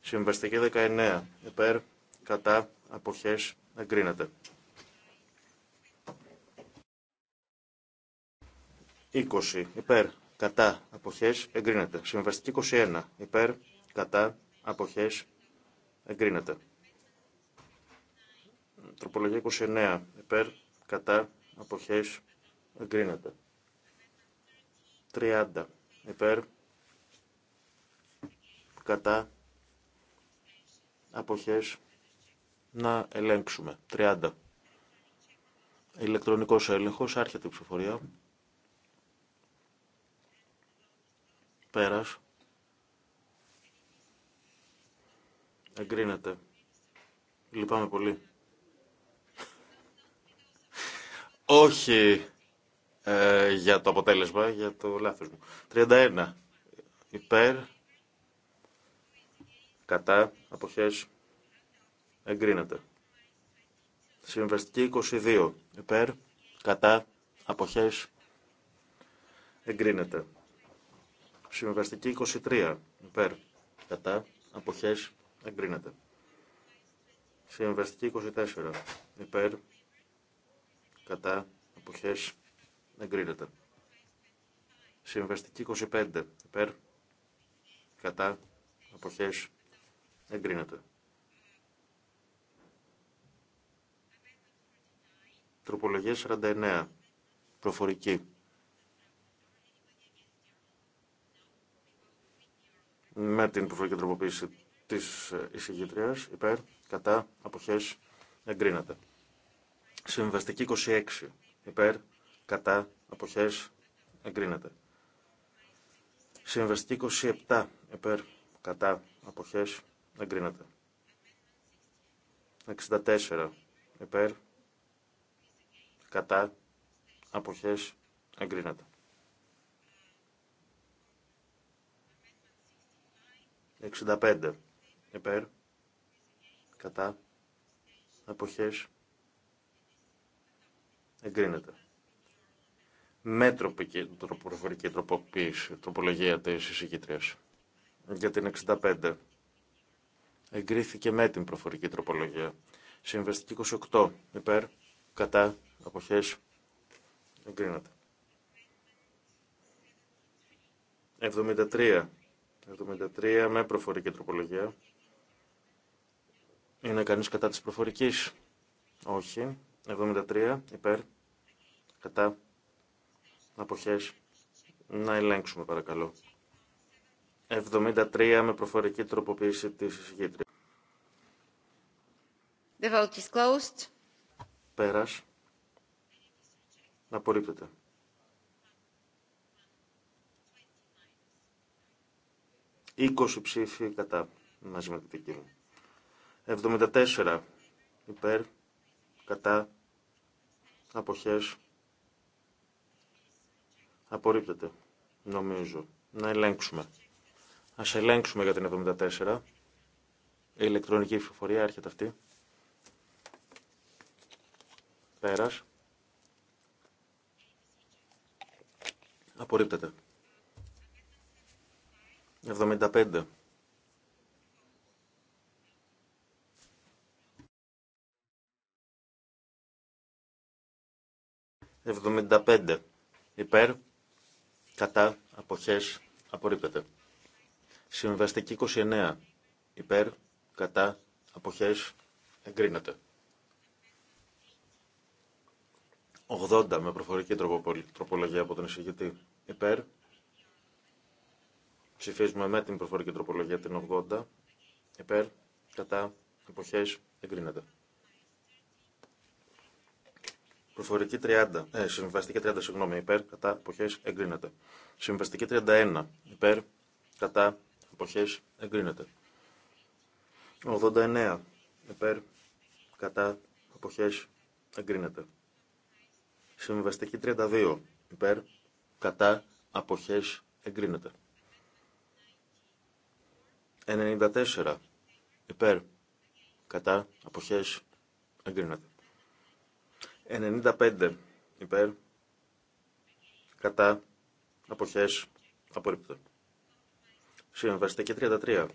Συμβαστική 19 υπέρ, κατά, αποχές, εγκρίνεται. 20 υπέρ, κατά, αποχές, εγκρίνεται. Συμβαστική 21 υπέρ, κατά, αποχές, Εγκρίνεται. Τροπολογία 29. Επέρ κατά, αποχές, εγκρίνεται. 30. Επέρ κατά, αποχές, να ελέγξουμε. 30. Ηλεκτρονικός έλεγχος, άρχεται η ψηφορία. Πέρας. Εγκρίνεται. Λυπάμαι πολύ. Όχι ε, για το αποτέλεσμα, για το λάθος μου. 31. Υπέρ. Κατά. Αποχές. Εγκρίνεται. Συμβαστική 22. Υπέρ. Κατά. Αποχές. Εγκρίνεται. Συμβαστική 23. Υπέρ. Κατά. Αποχές. Εγκρίνεται. Συμβαστική 24. Υπέρ. Κατά. Αποχές. Εγκρίνεται. Συμβαστική 25. Υπέρ. Κατά. Αποχές. Εγκρίνεται. Τροπολογία 49. Προφορική. Με την προφορική τροποποίηση της ε, εισηγήτρια υπέρ, κατά, αποχές, εγκρίνεται. Συμβαστική 26 υπέρ, κατά, αποχές, εγκρίνεται. Συμβαστική 27 υπέρ, κατά, απόχέ, εγκρίνεται. 64 υπέρ, κατά, αποχέ, εγκρίνεται. 65 Επέρ κατά, αποχές, εγκρίνεται. Με προφορική τροποποίηση, τροπολογία της εισηγήτριας. Για την 65. Εγκρίθηκε με την προφορική τροπολογία. Συμβεστική 28. Υπέρ, κατά, αποχές, εγκρίνεται. 73. 73 με προφορική τροπολογία. Είναι κανείς κατά της προφορικής. Όχι. 73 υπέρ. Κατά. Αποχές. Να ελέγξουμε παρακαλώ. 73 με προφορική τροποποίηση της εισηγήτριας. The vote is closed. Πέρας. Απορρίπτεται. 20 ψήφοι κατά μαζί με την δική 74 υπέρ, κατά, αποχές, απορρίπτεται, νομίζω. Να ελέγξουμε. Ας ελέγξουμε για την 74. Η ηλεκτρονική ψηφοφορία έρχεται αυτή. Πέρας. Απορρίπτεται. 75. 75 υπέρ, κατά, αποχές, απορρίπτεται. Συμβαστική 29 υπέρ, κατά, αποχές, εγκρίνεται. 80 με προφορική τροπολογία από τον εισηγητή υπέρ. Ψηφίζουμε με την προφορική τροπολογία την 80 υπέρ, κατά, εποχές, εγκρίνεται. Προφορική 30. Ε, συμβαστική 30, συγγνώμη. Υπέρ, κατά, αποχές, εγκρίνεται. Συμβαστική 31. Υπέρ, κατά, αποχές, εγκρίνεται. 89. Υπέρ, κατά, αποχές, εγκρίνεται. Συμβαστική 32. Υπέρ, κατά, αποχέ εγκρίνεται. 94. Υπέρ, κατά, αποχές, εγκρίνεται. 95 υπέρ κατά αποχές απορρίπτω. Συμβαστική 33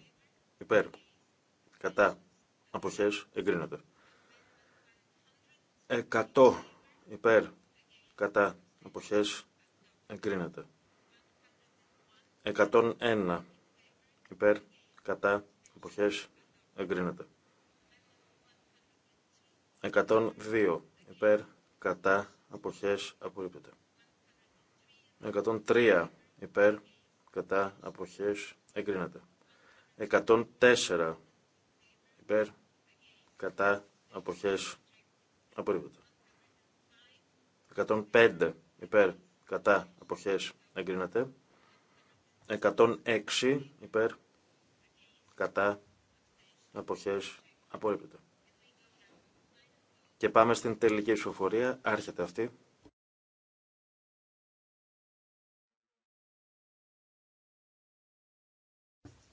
υπέρ κατά αποχές εγκρίνεται. 100 υπέρ κατά αποχές εγκρίνεται. 101 υπέρ κατά αποχές εγκρίνεται. 102 υπέρ, κατά, αποχές, απορρίπτεται. 103 υπέρ, κατά, αποχές, εγκρίνεται. 104 υπέρ, κατά, αποχές, απορρίπτεται. 105 υπέρ, κατά, αποχές, εγκρίνεται. 106 υπέρ, κατά, αποχές, απορρίπτεται. Και πάμε στην τελική ψηφοφορία. Άρχεται αυτή.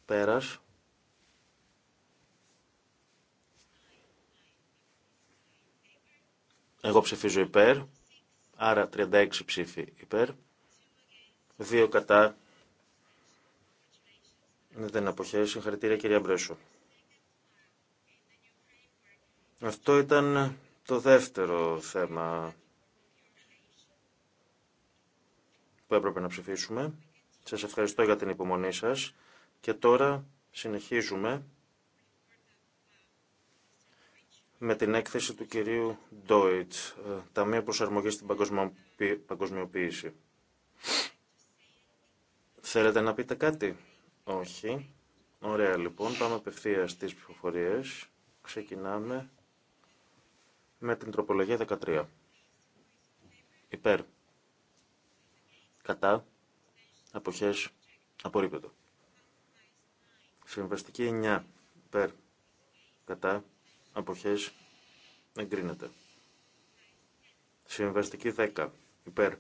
Πέρας. Εγώ ψηφίζω υπέρ, άρα 36 ψήφοι υπέρ, Δύο κατά, δεν αποχαίρει συγχαρητήρια κυρία Μπρέσο. Αυτό ήταν το δεύτερο θέμα που έπρεπε να ψηφίσουμε. Σας ευχαριστώ για την υπομονή σας και τώρα συνεχίζουμε με την έκθεση του κυρίου Ντόιτ, ε, Ταμείο Προσαρμογής στην Παγκοσμιοποίηση. Θέλετε να πείτε κάτι? Όχι. Ωραία λοιπόν, πάμε απευθεία στις ψηφοφορίες. Ξεκινάμε με την τροπολογία 13. Υπέρ. Κατά. Αποχές. Απορρίπτεται. Συμβαστική 9. Υπέρ. Κατά. Αποχές. Εγκρίνεται. Συμβαστική 10. Υπέρ.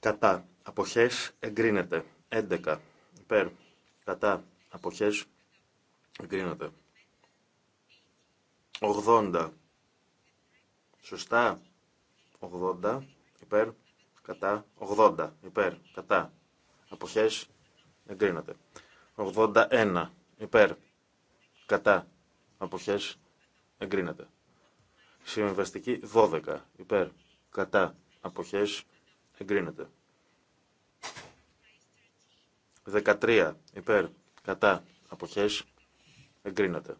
Κατά. Αποχές. Εγκρίνεται. 11. Υπέρ. Κατά. Αποχές. Εγκρίνεται. 80. Σωστά. 80 υπέρ κατά. 80 υπέρ κατά. Αποχές εγκρίνεται. 81 υπέρ κατά. Αποχές εγκρίνεται. Συμβαστική 12 υπέρ κατά. Αποχές εγκρίνεται. 13 υπέρ κατά. Αποχές εγκρίνεται.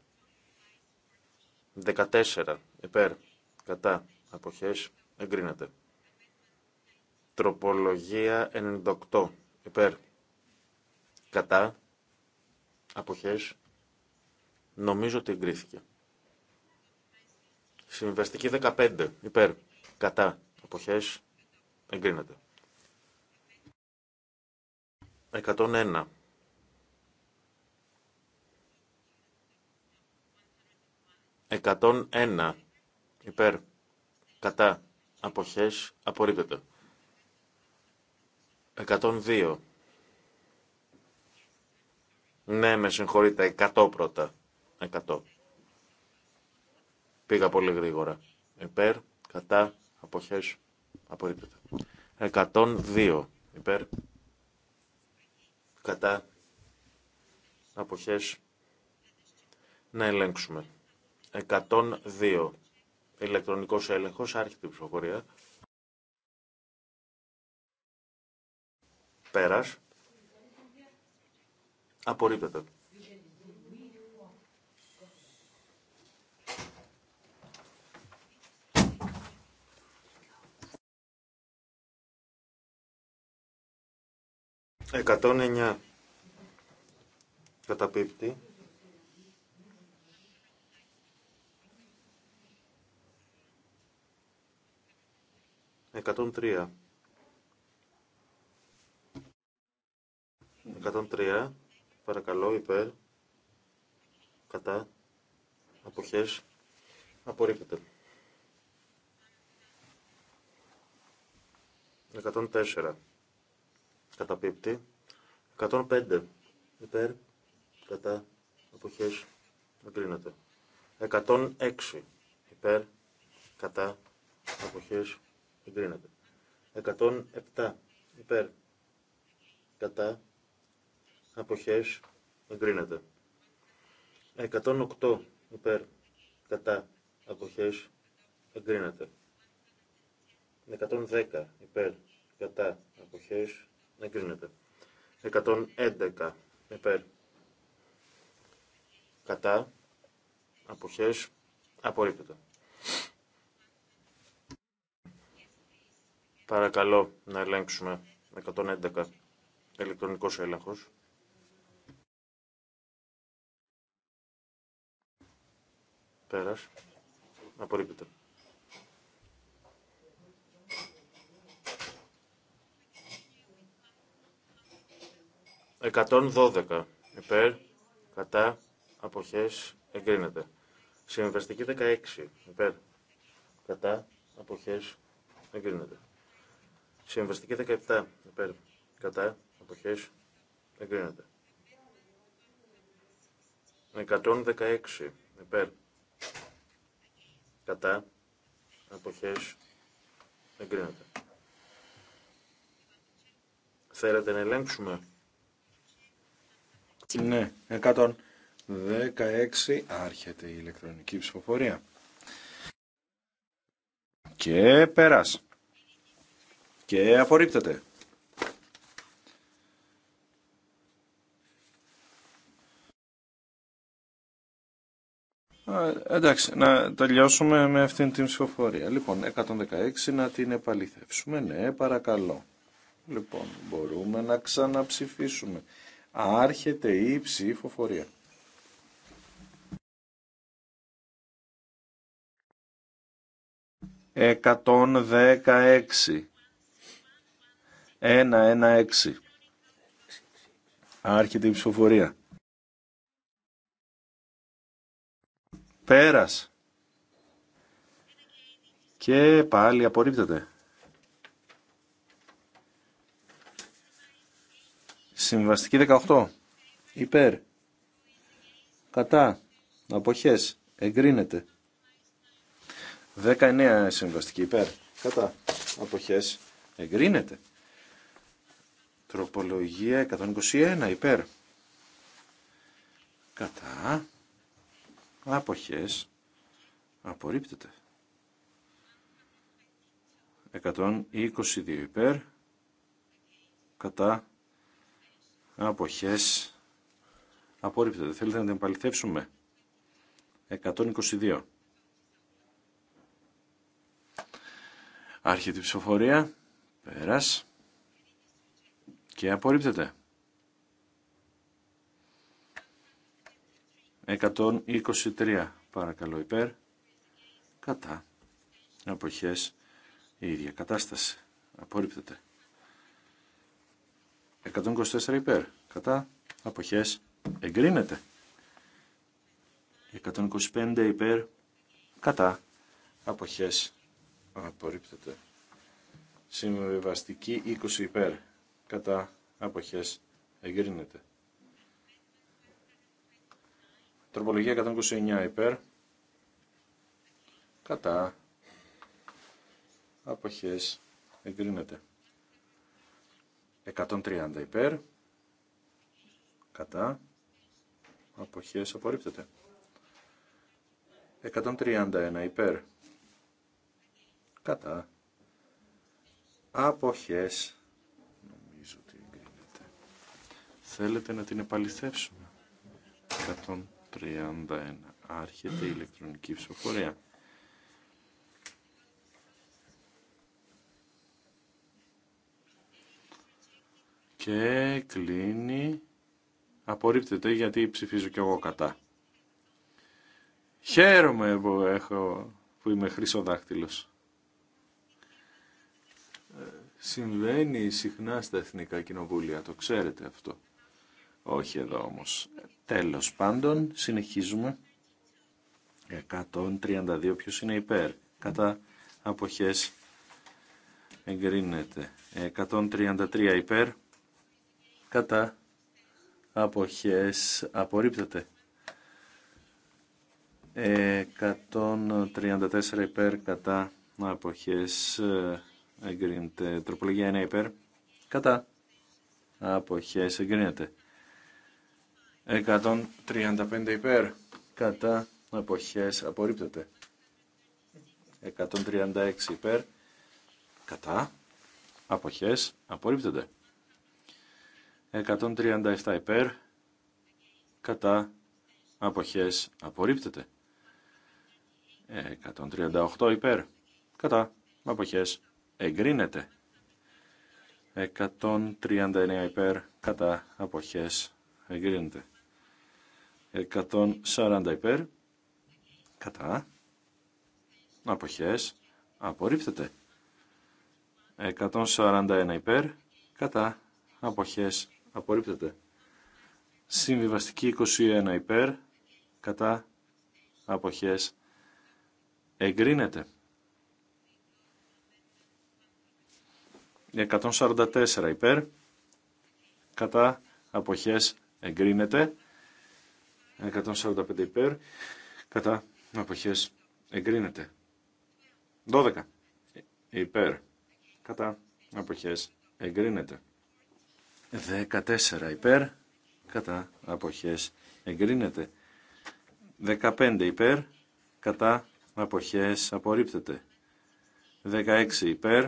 14 υπέρ κατά αποχές εγκρίνεται. Τροπολογία 98 υπέρ κατά αποχές νομίζω ότι εγκρίθηκε. Συμβαστική 15 υπέρ κατά αποχές εγκρίνεται. 101 101 υπέρ κατά αποχές απορρίπτεται. 102. Ναι, με συγχωρείτε, 100 πρώτα. 100. Πήγα πολύ γρήγορα. Υπέρ, κατά, αποχές, απορρίπτεται. 102. Υπέρ, κατά, αποχές, να ελέγξουμε. 102. Ηλεκτρονικός έλεγχος, άρχιτη ψηφοφορία. Πέρας. Απορρίπτεται. Εκατόν εννιά καταπίπτει. 103. 103. Παρακαλώ, υπέρ. Κατά. Αποχές. Απορρίπτεται. 104. Καταπίπτει. 105. Υπέρ. Κατά. Αποχές. Εγκρίνεται. 106. Υπέρ. Κατά. Αποχές. 107 υπέρ. Κατά. Αποχές. Εγκρίνεται. 108 υπέρ. Κατά. Αποχές. Εγκρίνεται. 110 υπέρ. Κατά. Αποχές. Εγκρίνεται. 111 υπέρ. Κατά. Αποχές. Απορρίπτεται. Παρακαλώ να ελέγξουμε 111 ηλεκτρονικός έλεγχος. Πέρας. Απορρίπτεται. 112 υπέρ, κατά, αποχές, εγκρίνεται. Συμβαστική 16 υπέρ, κατά, αποχές, εγκρίνεται. Συμβαστική 17 υπέρ κατά αποχές εγκρίνεται. 116 υπέρ κατά αποχές εγκρίνεται. Θέλετε να ελέγξουμε. Ναι, 116 άρχεται η ηλεκτρονική ψηφοφορία. Και περάσει και απορρίπτεται. Εντάξει, να τελειώσουμε με αυτήν την ψηφοφορία. Λοιπόν, 116 να την επαληθεύσουμε. Ναι, παρακαλώ. Λοιπόν, μπορούμε να ξαναψηφίσουμε. Άρχεται η ψηφοφορία. Εκατόν 1-1-6 6 Άρχεται η ψηφοφορία. Πέρας. Και πάλι απορρίπτεται. Συμβαστική 18. Υπέρ. Κατά. Αποχές. Εγκρίνεται. 19 συμβαστική υπέρ. Κατά. Αποχές. Εγκρίνεται. Τροπολογία 121 υπέρ. Κατά. Αποχές. Απορρίπτεται. 122 υπέρ. Κατά. Αποχές. Απορρίπτεται. Θέλετε να την παληθεύσουμε. 122. Άρχεται η ψηφοφορία. Πέρας και απορρίπτεται. 123 παρακαλώ υπέρ κατά αποχές η ίδια κατάσταση απορρίπτεται 124 υπέρ κατά αποχές εγκρίνεται 125 υπέρ κατά αποχές απορρίπτεται Συμβεβαστική 20 υπέρ κατά αποχές εγκρίνεται. Τροπολογία 129 υπέρ κατά αποχές εγκρίνεται. 130 υπέρ κατά αποχές απορρίπτεται. 131 υπέρ κατά αποχές Θέλετε να την επαληθεύσουμε. 131. Άρχεται η ηλεκτρονική ψηφοφορία. Και κλείνει. Απορρίπτεται γιατί ψηφίζω κι εγώ κατά. Χαίρομαι που, έχω, που είμαι χρυσό δάχτυλος. Ε, συμβαίνει συχνά στα εθνικά κοινοβούλια, το ξέρετε αυτό. Όχι εδώ όμως. Τέλος πάντων, συνεχίζουμε. 132 ποιος είναι υπέρ. Κατά αποχές εγκρίνεται. 133 υπέρ. Κατά αποχές απορρίπτεται. 134 ε, υπέρ κατά αποχές εγκρίνεται. Τροπολογία 1 υπέρ κατά αποχές εγκρίνεται. 135 υπέρ. Κατά αποχές απορρίπτεται. 136 υπέρ. Κατά αποχές απορρίπτεται. 137 υπέρ. Κατά αποχές απορρίπτεται. 138 υπέρ. Κατά αποχές εγκρίνεται. 139 υπέρ κατά αποχές εγκρίνεται. 140 υπέρ, κατά, αποχές, απορρίπτεται. 141 υπέρ, κατά, αποχές, απορρίπτεται. Συμβιβαστική 21 υπέρ, κατά, αποχές, εγκρίνεται. 144 υπέρ, κατά, αποχές, εγκρίνεται. 145 υπέρ, κατά αποχές εγκρίνεται. 12 υπέρ, κατά αποχές εγκρίνεται. 14 υπέρ, κατά αποχές εγκρίνεται. 15 υπέρ, κατά αποχές απορρίπτεται. 16 υπέρ,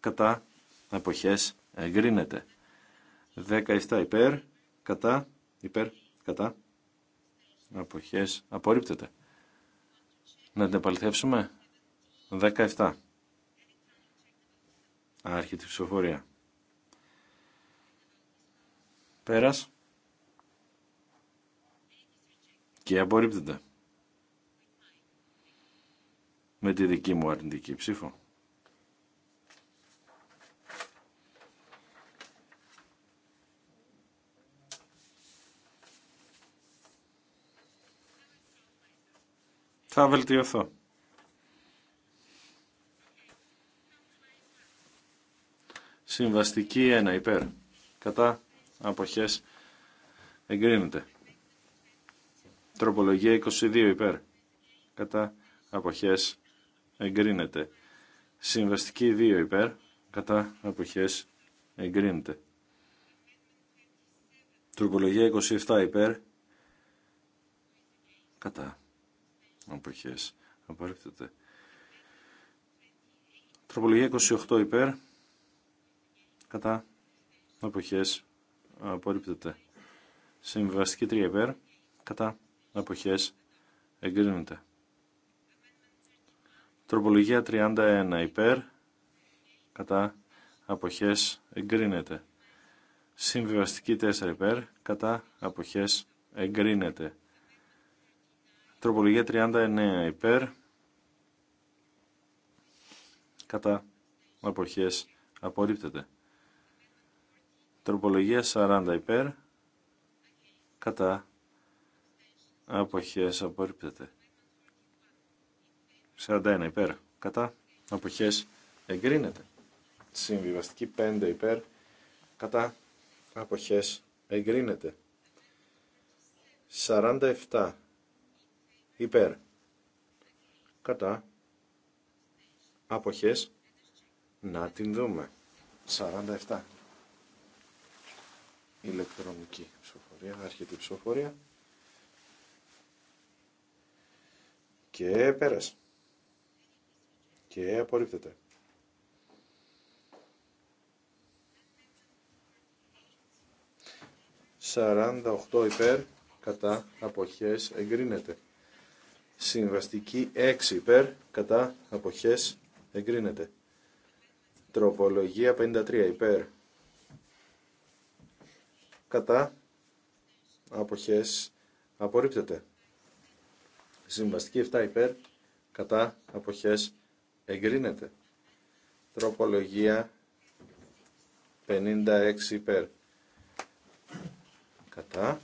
κατά αποχές εγκρίνεται. 17 υπέρ, κατά, υπέρ, κατά. Αποχές, απορρίπτεται. Να την επαληθεύσουμε. 17. Άρχεται ψηφοφορία. Πέρας. Και απορρίπτεται. Με τη δική μου αρνητική ψήφο. θα βελτιωθώ. Συμβαστική 1 υπέρ. Κατά αποχές εγκρίνεται. Τροπολογία 22 υπέρ. Κατά αποχές εγκρίνεται. Συμβαστική 2 υπέρ. Κατά αποχές εγκρίνεται. Τροπολογία 27 υπέρ. Κατά αποχές απορρίπτεται. Τροπολογία 28 υπέρ κατά αποχές απορρίπτεται. Συμβιβαστική 3 υπέρ κατά αποχές εγκρίνεται. Τροπολογία 31 υπέρ κατά αποχές εγκρίνεται. Συμβιβαστική 4 υπέρ κατά αποχές εγκρίνεται. Τροπολογία 39 υπέρ. Κατά αποχές απορρίπτεται. Τροπολογία 40 υπέρ. Κατά αποχές απορρίπτεται. 41 υπέρ. Κατά αποχές εγκρίνεται. Συμβιβαστική 5 υπέρ. Κατά αποχές εγκρίνεται. 47 υπέρ κατά αποχές να την δούμε 47 ηλεκτρονική ψηφοφορία άρχεται ψηφοφορία και πέρασε και απορρίπτεται 48 υπέρ κατά αποχές εγκρίνεται Συμβαστική 6 υπέρ κατά αποχές εγκρίνεται. Τροπολογία 53 υπέρ κατά αποχές απορρίπτεται. Συμβαστική 7 υπέρ κατά αποχές εγκρίνεται. Τροπολογία 56 υπέρ κατά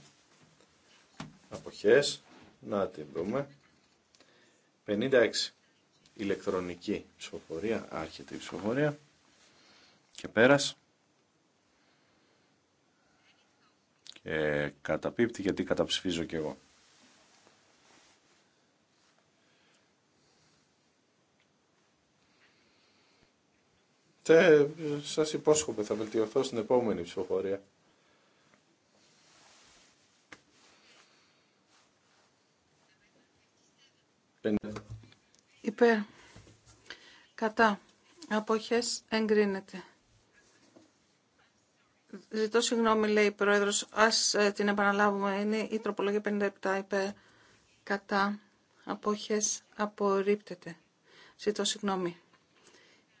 αποχές να την δούμε 56. Ηλεκτρονική ψηφοφορία. Άρχεται η ψηφοφορία. Και πέρας. Και καταπίπτει γιατί καταψηφίζω κι εγώ. Τε, ε, σας υπόσχομαι θα βελτιωθώ στην επόμενη ψηφοφορία. Υπέρ. Κατά. Αποχές εγκρίνεται. Ζητώ συγγνώμη, λέει η Πρόεδρος, ας ε, την επαναλάβουμε. Είναι η τροπολογία 57 υπέρ. Κατά. Αποχές απορρίπτεται. Ζητώ συγγνώμη.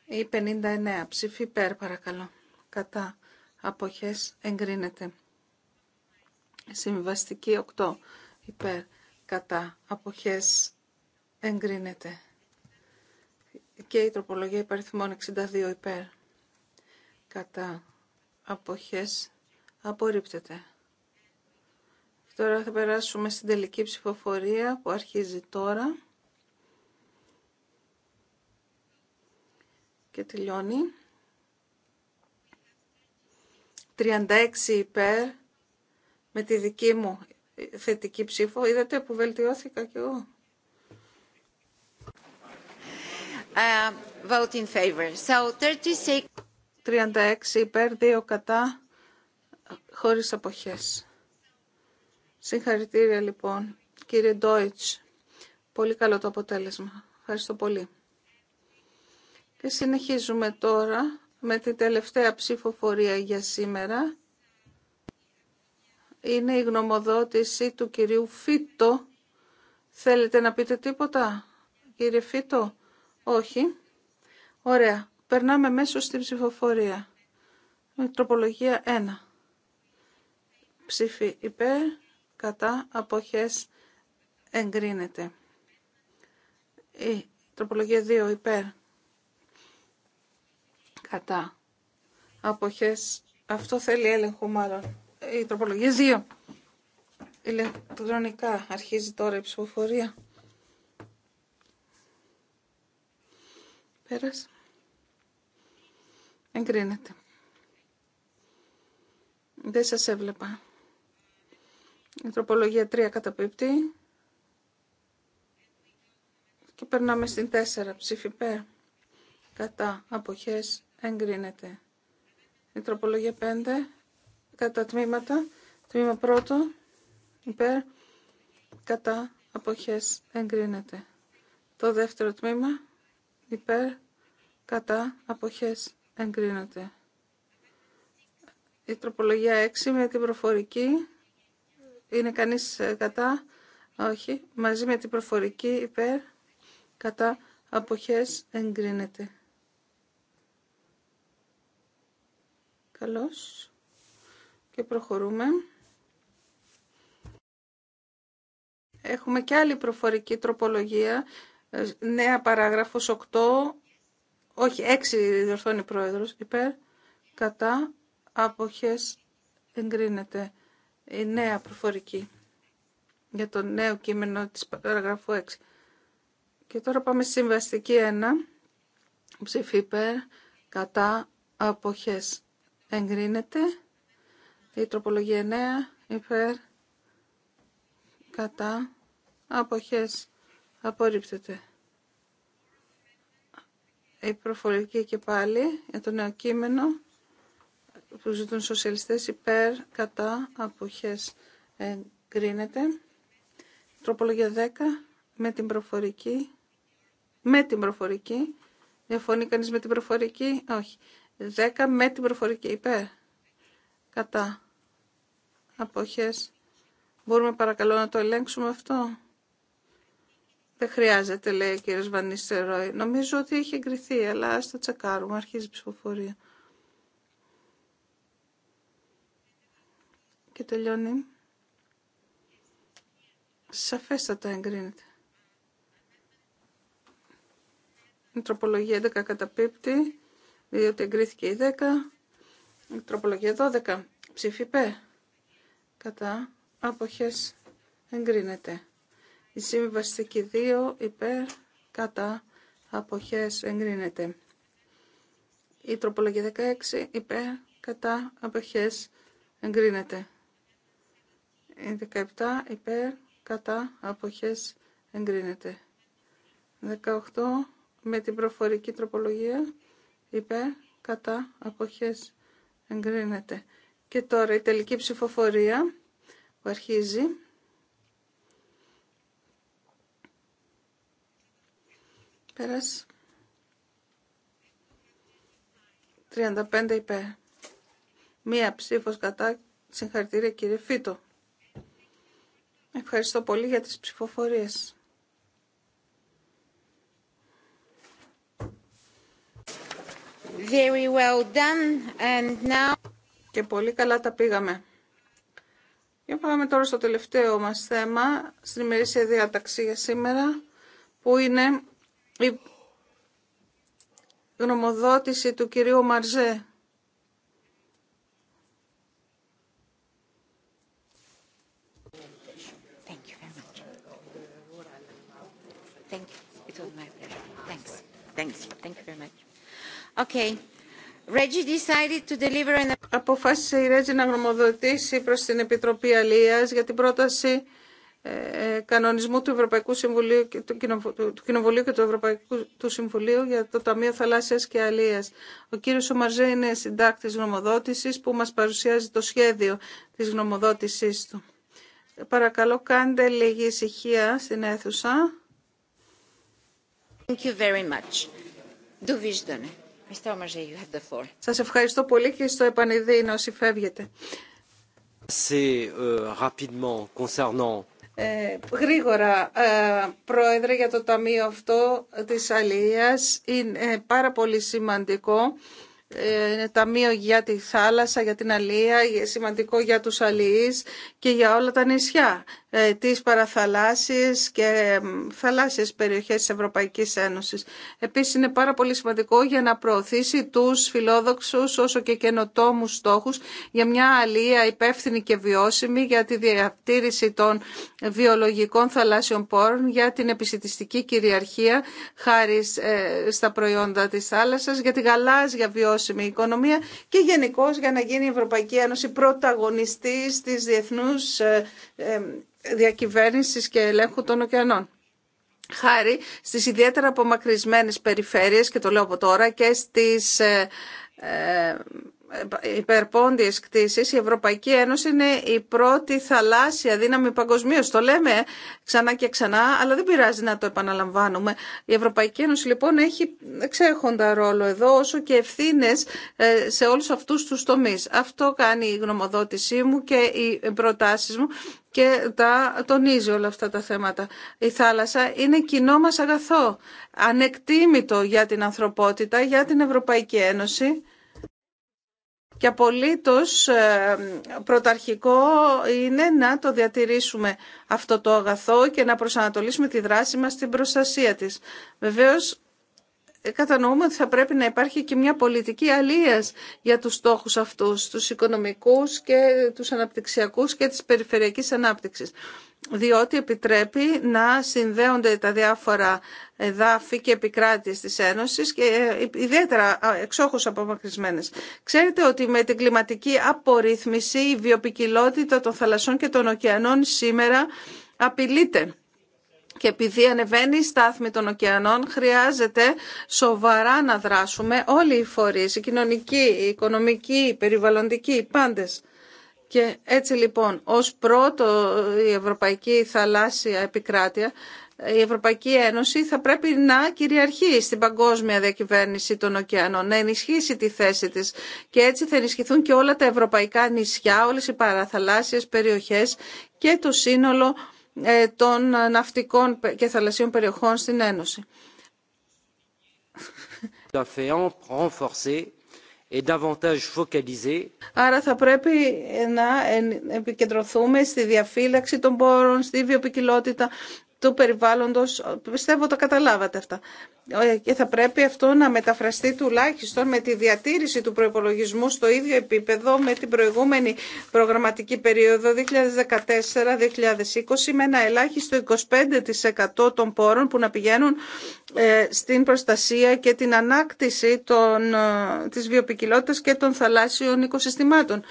Η 59 ψήφι υπέρ, παρακαλώ. Κατά. Αποχές εγκρίνεται. Συμβαστική 8 υπέρ. Κατά. Αποχές εγκρίνεται. Και η τροπολογία υπαριθμών 62 υπέρ κατά αποχές απορρίπτεται. Τώρα θα περάσουμε στην τελική ψηφοφορία που αρχίζει τώρα και τελειώνει. 36 υπέρ με τη δική μου θετική ψήφο. Είδατε που βελτιώθηκα κι εγώ. Uh, vote in favor. So 36... 36 υπέρ, 2 κατά, χωρίς αποχές. Συγχαρητήρια λοιπόν, κύριε Ντόιτς. Πολύ καλό το αποτέλεσμα. Ευχαριστώ πολύ. Και συνεχίζουμε τώρα με την τελευταία ψηφοφορία για σήμερα. Είναι η γνωμοδότηση του κυρίου Φίτο. Θέλετε να πείτε τίποτα, κύριε Φίτο. Όχι. Ωραία. Περνάμε μέσω στην ψηφοφορία. Ε, τροπολογία 1. Ψήφι υπέρ, κατά, αποχές, εγκρίνεται. Η τροπολογία 2 υπέρ, κατά, αποχές, αυτό θέλει έλεγχο μάλλον. Η τροπολογία 2. Ηλεκτρονικά αρχίζει τώρα η ψηφοφορία. Πέρασε. Εγκρίνεται. Δεν σας έβλεπα. Η τροπολογία 3 καταπίπτει. Και περνάμε στην 4. Ψήφι Κατά. Αποχές. Εγκρίνεται. Η τροπολογία 5. Κατά τμήματα. Τμήμα πρώτο. Υπέρ. Κατά. Αποχές. Εγκρίνεται. Το δεύτερο τμήμα υπέρ κατά αποχές εγκρίνεται. Η τροπολογία 6 με την προφορική είναι κανείς ε, κατά, όχι, μαζί με την προφορική υπέρ κατά αποχές εγκρίνεται. Καλώς. Και προχωρούμε. Έχουμε και άλλη προφορική τροπολογία νέα παράγραφος 8, όχι 6 διορθώνει πρόεδρος, υπέρ, κατά, αποχές, εγκρίνεται η νέα προφορική για το νέο κείμενο της παραγραφού 6. Και τώρα πάμε στη συμβαστική 1, ψηφί υπέρ, κατά, αποχές, εγκρίνεται η τροπολογία 9, υπέρ, κατά, αποχές, Απορρίπτεται. Η προφορική και πάλι για το νέο κείμενο που ζητούν σοσιαλιστές υπέρ, κατά, αποχές εγκρίνεται. Τροπολογία 10 με την προφορική. Με την προφορική. Διαφωνεί κανείς με την προφορική. Όχι. 10 με την προφορική υπέρ. Κατά. Αποχές. Μπορούμε παρακαλώ να το ελέγξουμε αυτό. Δεν χρειάζεται, λέει ο κύριο Βανίστερόι. Νομίζω ότι έχει εγκριθεί, αλλά ας το τσεκάρουμε. Αρχίζει η ψηφοφορία. Και τελειώνει. Σαφέστατα εγκρίνεται. Η τροπολογία 11 καταπίπτει, διότι εγκρίθηκε η 10. Η τροπολογία 12. Ψήφι Κατά αποχές εγκρίνεται. Η συμβιβαστική 2 υπέρ κατά αποχές εγκρίνεται. Η τροπολογία 16 υπέρ κατά αποχές εγκρίνεται. Η 17 υπέρ κατά αποχές εγκρίνεται. 18 με την προφορική τροπολογία υπέρ κατά αποχές εγκρίνεται. Και τώρα η τελική ψηφοφορία που αρχίζει. Πέρας. 35 υπέρ. Μία ψήφος κατά. Συγχαρητήρια κύριε Φίτο. Ευχαριστώ πολύ για τις ψηφοφορίες. Very well done. And now... Και πολύ καλά τα πήγαμε. Και πάμε τώρα στο τελευταίο μας θέμα, στην ημερήσια διάταξη για σήμερα, που είναι η γνωμοδότηση του κυρίου Μαρζέ. Αποφάσισε η Ρέτζη να γνωμοδοτήσει προς την Επιτροπή Αλίας για την πρόταση ε, ε, κανονισμού του Ευρωπαϊκού Συμβουλίου, του Κοινοβουλίου και του Ευρωπαϊκού του Συμβουλίου για το Ταμείο Θαλάσσια και Αλίας. Ο κύριος Ομαρζέ είναι συντάκτη γνωμοδότησης που μας παρουσιάζει το σχέδιο της γνωμοδότησής του. Παρακαλώ κάντε λίγη ησυχία στην αίθουσα. Thank you very much. you have the floor. Σας ευχαριστώ πολύ και στο επανειδήν όσοι φεύγετε. Euh, rapidement concernant ε, γρήγορα, ε, Πρόεδρε, για το Ταμείο αυτό της Αλίας είναι πάρα πολύ σημαντικό είναι ταμείο για τη θάλασσα, για την αλία, σημαντικό για τους αλιείς και για όλα τα νησιά, ε, τις παραθαλάσσιες και θαλάσσιες περιοχές της Ευρωπαϊκής Ένωσης. Επίσης είναι πάρα πολύ σημαντικό για να προωθήσει τους φιλόδοξους όσο και καινοτόμους στόχους για μια αλία υπεύθυνη και βιώσιμη, για τη διατήρηση των βιολογικών θαλάσσιων πόρων, για την επισητιστική κυριαρχία χάρη ε, στα προϊόντα της θάλασσας, για τη γαλάζια βιώσιμη οικονομία και γενικώ για να γίνει η Ευρωπαϊκή Ένωση πρωταγωνιστής της διεθνούς ε, ε, διακυβέρνησης και ελέγχου των ωκεανών χάρη στις ιδιαίτερα απομακρυσμένε περιφέρειες και το λέω από τώρα και στις ε, Υπερπόντιε κτίσει, η Ευρωπαϊκή Ένωση είναι η πρώτη θαλάσσια δύναμη παγκοσμίω. Το λέμε ξανά και ξανά, αλλά δεν πειράζει να το επαναλαμβάνουμε. Η Ευρωπαϊκή Ένωση λοιπόν έχει ξέχοντα ρόλο εδώ, όσο και ευθύνε ε, σε όλου αυτού του τομεί. Αυτό κάνει η γνωμοδότησή μου και οι προτάσει μου και τα τονίζει όλα αυτά τα θέματα. Η θάλασσα είναι κοινό μας αγαθό, ανεκτήμητο για την ανθρωπότητα, για την Ευρωπαϊκή Ένωση και απολύτως ε, πρωταρχικό είναι να το διατηρήσουμε αυτό το αγαθό και να προσανατολίσουμε τη δράση μας στην προστασία της. Βεβαίως κατανοούμε ότι θα πρέπει να υπάρχει και μια πολιτική αλίας για τους στόχους αυτούς, τους οικονομικούς και τους αναπτυξιακούς και της περιφερειακής ανάπτυξης. Διότι επιτρέπει να συνδέονται τα διάφορα εδάφη και επικράτειες της Ένωσης και ε, ιδιαίτερα εξόχως απομακρυσμένες. Ξέρετε ότι με την κλιματική απορρίθμιση η βιοπικιλότητα των θαλασσών και των ωκεανών σήμερα απειλείται και επειδή ανεβαίνει η στάθμη των ωκεανών, χρειάζεται σοβαρά να δράσουμε όλοι οι φορείς, οι κοινωνικοί, οι οικονομικοί, οι περιβαλλοντικοί, οι πάντες. Και έτσι λοιπόν, ως πρώτο η Ευρωπαϊκή Θαλάσσια Επικράτεια, η Ευρωπαϊκή Ένωση θα πρέπει να κυριαρχεί στην παγκόσμια διακυβέρνηση των ωκεανών, να ενισχύσει τη θέση της και έτσι θα ενισχυθούν και όλα τα ευρωπαϊκά νησιά, όλες οι παραθαλάσσιες περιοχές και το σύνολο ε, των ναυτικών και θαλασσίων περιοχών στην Ένωση. Άρα θα πρέπει ε, να επικεντρωθούμε στη διαφύλαξη των πόρων, στη βιοπικιλότητα, του περιβάλλοντος, πιστεύω το καταλάβατε αυτά. Ε, και θα πρέπει αυτό να μεταφραστεί τουλάχιστον με τη διατήρηση του προϋπολογισμού στο ίδιο επίπεδο με την προηγούμενη προγραμματική περίοδο 2014-2020 με ένα ελάχιστο 25% των πόρων που να πηγαίνουν ε, στην προστασία και την ανάκτηση των, ε, της βιοπικιλότητας και των θαλάσσιων οικοσυστημάτων.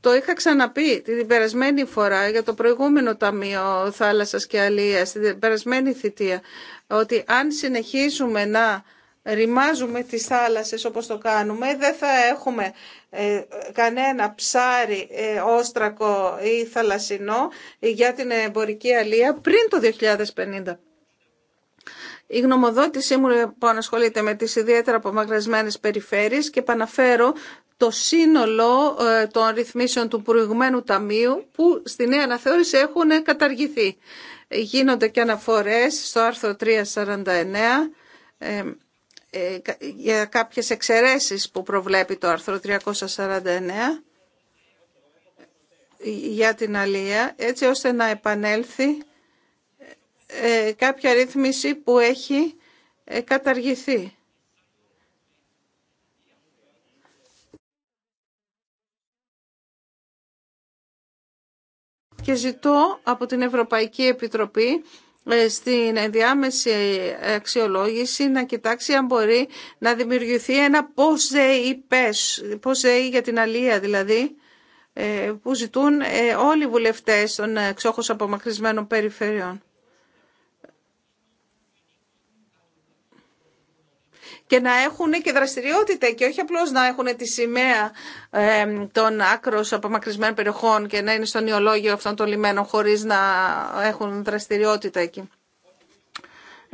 Το είχα ξαναπεί την περασμένη φορά για το προηγούμενο Ταμείο Θάλασσας και Αλίας, την περασμένη θητεία, ότι αν συνεχίσουμε να ρημάζουμε τις θάλασσες όπως το κάνουμε, δεν θα έχουμε ε, κανένα ψάρι ε, όστρακο ή θαλασσινό για την εμπορική αλία πριν το 2050. Η γνωμοδότησή μου που λοιπόν, ανασχολείται με τις ιδιαίτερα απομακρυσμένες περιφέρειες και επαναφέρω το σύνολο ε, των ρυθμίσεων του προηγουμένου ταμείου που στη νέα αναθεώρηση έχουν καταργηθεί. Γίνονται και αναφορές στο άρθρο 349 ε, ε, για κάποιες εξαιρέσεις που προβλέπει το άρθρο 349 για την αλία έτσι ώστε να επανέλθει κάποια ρύθμιση που έχει καταργηθεί. και ζητώ από την Ευρωπαϊκή Επιτροπή ε, στην ενδιάμεση ε, αξιολόγηση να κοιτάξει αν μπορεί να δημιουργηθεί ένα ΠΟΣΕΙ για την αλία δηλαδή ε, που ζητούν όλοι οι βουλευτές των εξόχως απομακρυσμένων περιφερειών. και να έχουν και δραστηριότητα και όχι απλώς να έχουν τη σημαία των από απομακρυσμένων περιοχών και να είναι στον ιολόγιο αυτών των λιμένων χωρίς να έχουν δραστηριότητα εκεί.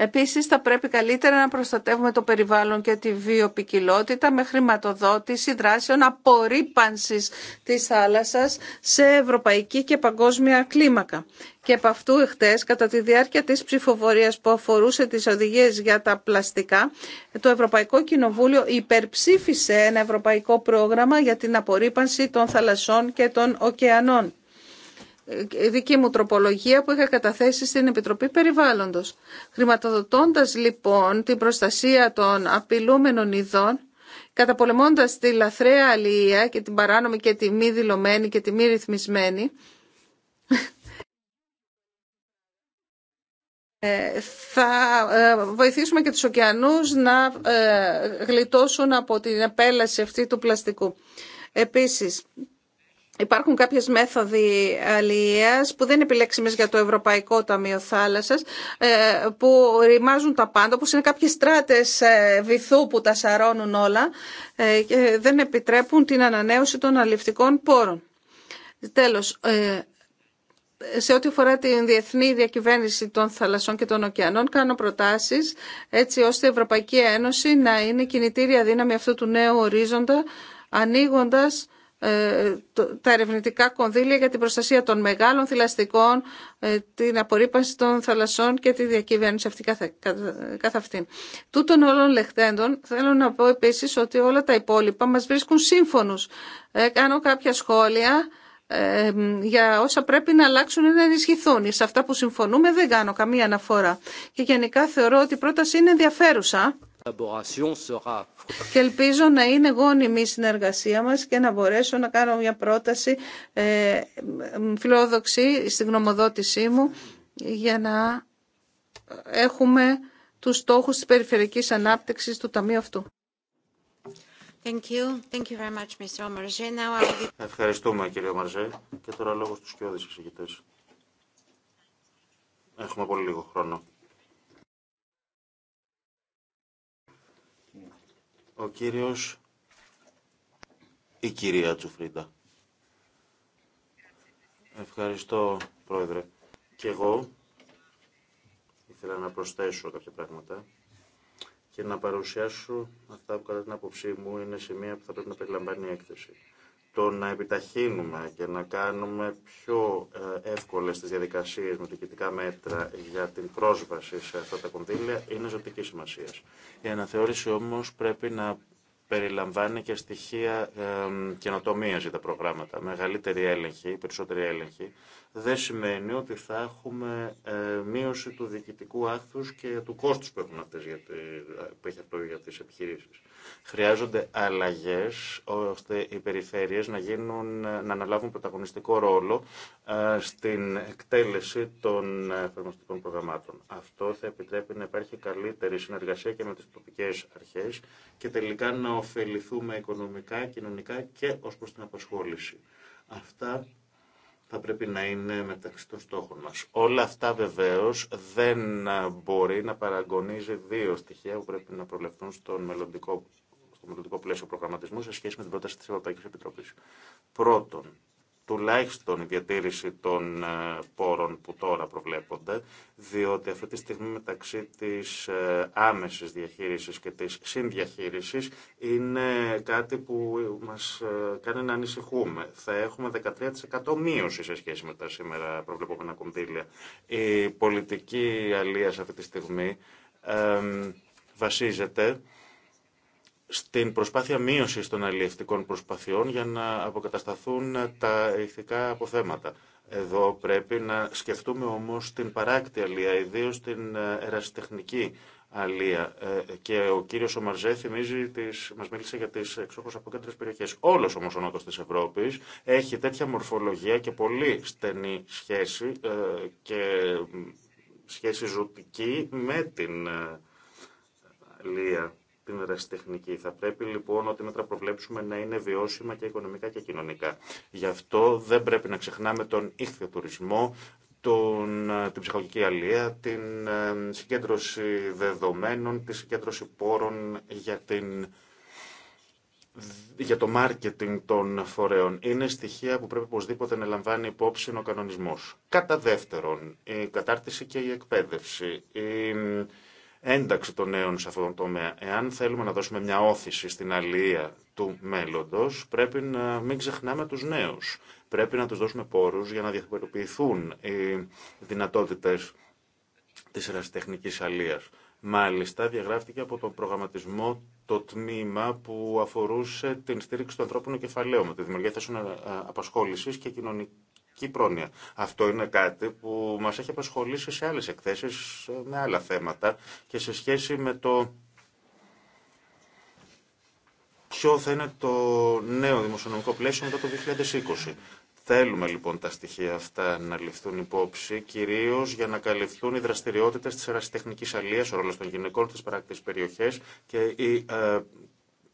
Επίσης θα πρέπει καλύτερα να προστατεύουμε το περιβάλλον και τη βιοπικιλότητα με χρηματοδότηση δράσεων απορρίπανσης της θάλασσας σε ευρωπαϊκή και παγκόσμια κλίμακα. Και από αυτού εχθές, κατά τη διάρκεια της ψηφοφορίας που αφορούσε τις οδηγίες για τα πλαστικά, το Ευρωπαϊκό Κοινοβούλιο υπερψήφισε ένα ευρωπαϊκό πρόγραμμα για την απορρίπανση των θαλασσών και των ωκεανών. Ε, δική μου τροπολογία που είχα καταθέσει στην Επιτροπή Περιβάλλοντος. Χρηματοδοτώντας λοιπόν την προστασία των απειλούμενων ειδών, καταπολεμώντας τη λαθρέα αλληλεία και την παράνομη και τη μη δηλωμένη και τη μη ρυθμισμένη, ε, θα ε, βοηθήσουμε και τους ωκεανούς να γλιτώσουν από την επέλαση αυτή του πλαστικού. Επίσης, Υπάρχουν κάποιες μέθοδοι αλληλείας που δεν είναι επιλέξιμες για το Ευρωπαϊκό Ταμείο Θάλασσας, ε, που ρημάζουν τα πάντα, όπως είναι κάποιες στράτες ε, βυθού που τα σαρώνουν όλα ε, και δεν επιτρέπουν την ανανέωση των αλληλευτικών πόρων. Τέλος, σε ό,τι αφορά την διεθνή διακυβέρνηση των θαλασσών και των ωκεανών, κάνω προτάσεις έτσι ώστε η Ευρωπαϊκή Ένωση να είναι κινητήρια δύναμη αυτού του νέου ορίζοντα, ανοίγοντας ε, τα ερευνητικά κονδύλια για την προστασία των μεγάλων θηλαστικών, ε, την απορρίπανση των θαλασσών και τη διακυβέρνηση αυτή καθ' αυτήν. Τούτων όλων λεχθέντων θέλω να πω επίσης ότι όλα τα υπόλοιπα μας βρίσκουν σύμφωνους. Ε, κάνω κάποια σχόλια για όσα πρέπει να αλλάξουν ή να ενισχυθούν. Σε αυτά που συμφωνούμε δεν κάνω καμία αναφορά. Και γενικά θεωρώ ότι η πρόταση είναι ενδιαφέρουσα και ελπίζω να είναι γόνιμη η συνεργασία μας και να μπορέσω να κάνω μια πρόταση ε, φιλόδοξη στην γνωμοδότησή μου για να έχουμε τους στόχους της περιφερειακής ανάπτυξης του Ταμείου αυτού. Thank you. Thank you very Ευχαριστούμε κύριε Μαρζέ και τώρα λόγω στους κοιόδης εξηγητές. Έχουμε πολύ λίγο χρόνο. Ο κύριος η κυρία Τσουφρίντα. Ευχαριστώ, Πρόεδρε. Και εγώ ήθελα να προσθέσω κάποια πράγματα και να παρουσιάσω αυτά που κατά την άποψή μου είναι σημεία που θα πρέπει να περιλαμβάνει η έκθεση το να επιταχύνουμε και να κάνουμε πιο ε, εύκολες τις διαδικασίες με διοικητικά μέτρα για την πρόσβαση σε αυτά τα κονδύλια είναι ζωτική σημασία. Η αναθεώρηση όμως πρέπει να περιλαμβάνει και στοιχεία ε, καινοτομία για τα προγράμματα. Μεγαλύτερη έλεγχη, περισσότερη έλεγχη, δεν σημαίνει ότι θα έχουμε ε, μείωση του διοικητικού άχθους και του κόστους που, έχουν αυτές για, που έχει αυτό για τις επιχειρήσεις. Χρειάζονται αλλαγές ώστε οι περιφέρειες να, γίνουν, να αναλάβουν πρωταγωνιστικό ρόλο ε, στην εκτέλεση των ε, εφαρμοστικών προγραμμάτων. Αυτό θα επιτρέπει να υπάρχει καλύτερη συνεργασία και με τις τοπικές αρχές και τελικά να ωφεληθούμε οικονομικά, κοινωνικά και ως προς την απασχόληση. Αυτά θα πρέπει να είναι μεταξύ των στόχων μας. Όλα αυτά βεβαίως δεν ε, μπορεί να παραγωνίζει δύο στοιχεία που πρέπει να προβλεφθούν στον μελλοντικό, στο μελλοντικό πλαίσιο προγραμματισμού σε σχέση με την πρόταση της Ευρωπαϊκής Επιτροπής. Πρώτον, τουλάχιστον η διατήρηση των ε, πόρων που τώρα προβλέπονται, διότι αυτή τη στιγμή μεταξύ της ε, άμεσης διαχείρισης και της συνδιαχείρισης είναι κάτι που μας ε, κάνει να ανησυχούμε. Θα έχουμε 13% μείωση σε σχέση με τα σήμερα προβλεπόμενα κονδύλια. Η πολιτική αλίας αυτή τη στιγμή βασίζεται στην προσπάθεια μείωσης των αλληλευτικών προσπαθειών για να αποκατασταθούν τα ηθικά αποθέματα. Εδώ πρέπει να σκεφτούμε όμως την παράκτη αλία, ιδίως την ε, ερασιτεχνική αλία. Ε, και ο κύριος Ομαρζέ θυμίζει, τις, μας μίλησε για τις εξόχως αποκέντρες περιοχές. Όλος όμως ο νότος της Ευρώπης έχει τέτοια μορφολογία και πολύ στενή σχέση ε, και σχέση ζωτική με την αλία την ερασιτεχνική. Θα πρέπει λοιπόν ό,τι μέτρα προβλέψουμε να είναι βιώσιμα και οικονομικά και κοινωνικά. Γι' αυτό δεν πρέπει να ξεχνάμε τον ήχθιο τουρισμό, τον, την ψυχολογική αλλία, την ε, συγκέντρωση δεδομένων, τη συγκέντρωση πόρων για το μάρκετινγκ των φορέων είναι στοιχεία που πρέπει οπωσδήποτε να λαμβάνει υπόψη ο κανονισμός. Κατά δεύτερον, η κατάρτιση και η εκπαίδευση, η ένταξη των νέων σε αυτόν τον τομέα. Εάν θέλουμε να δώσουμε μια όθηση στην αλληλεία του μέλλοντο, πρέπει να μην ξεχνάμε του νέου. Πρέπει να του δώσουμε πόρου για να διαφοροποιηθούν οι δυνατότητε τη ερασιτεχνική αλληλεία. Μάλιστα, διαγράφτηκε από τον προγραμματισμό το τμήμα που αφορούσε την στήριξη των ανθρώπινου κεφαλαίου με τη δημιουργία θέσεων ε, ε, απασχόληση και κοινωνική κοινωνική πρόνοια. Αυτό είναι κάτι που μας έχει απασχολήσει σε άλλες εκθέσεις με άλλα θέματα και σε σχέση με το ποιο θα είναι το νέο δημοσιονομικό πλαίσιο μετά το 2020. Θέλουμε λοιπόν τα στοιχεία αυτά να ληφθούν υπόψη, κυρίω για να καλυφθούν οι δραστηριότητε τη ερασιτεχνική αλεία, ο ρόλο των γυναικών στι παράκτητε περιοχέ και η ε,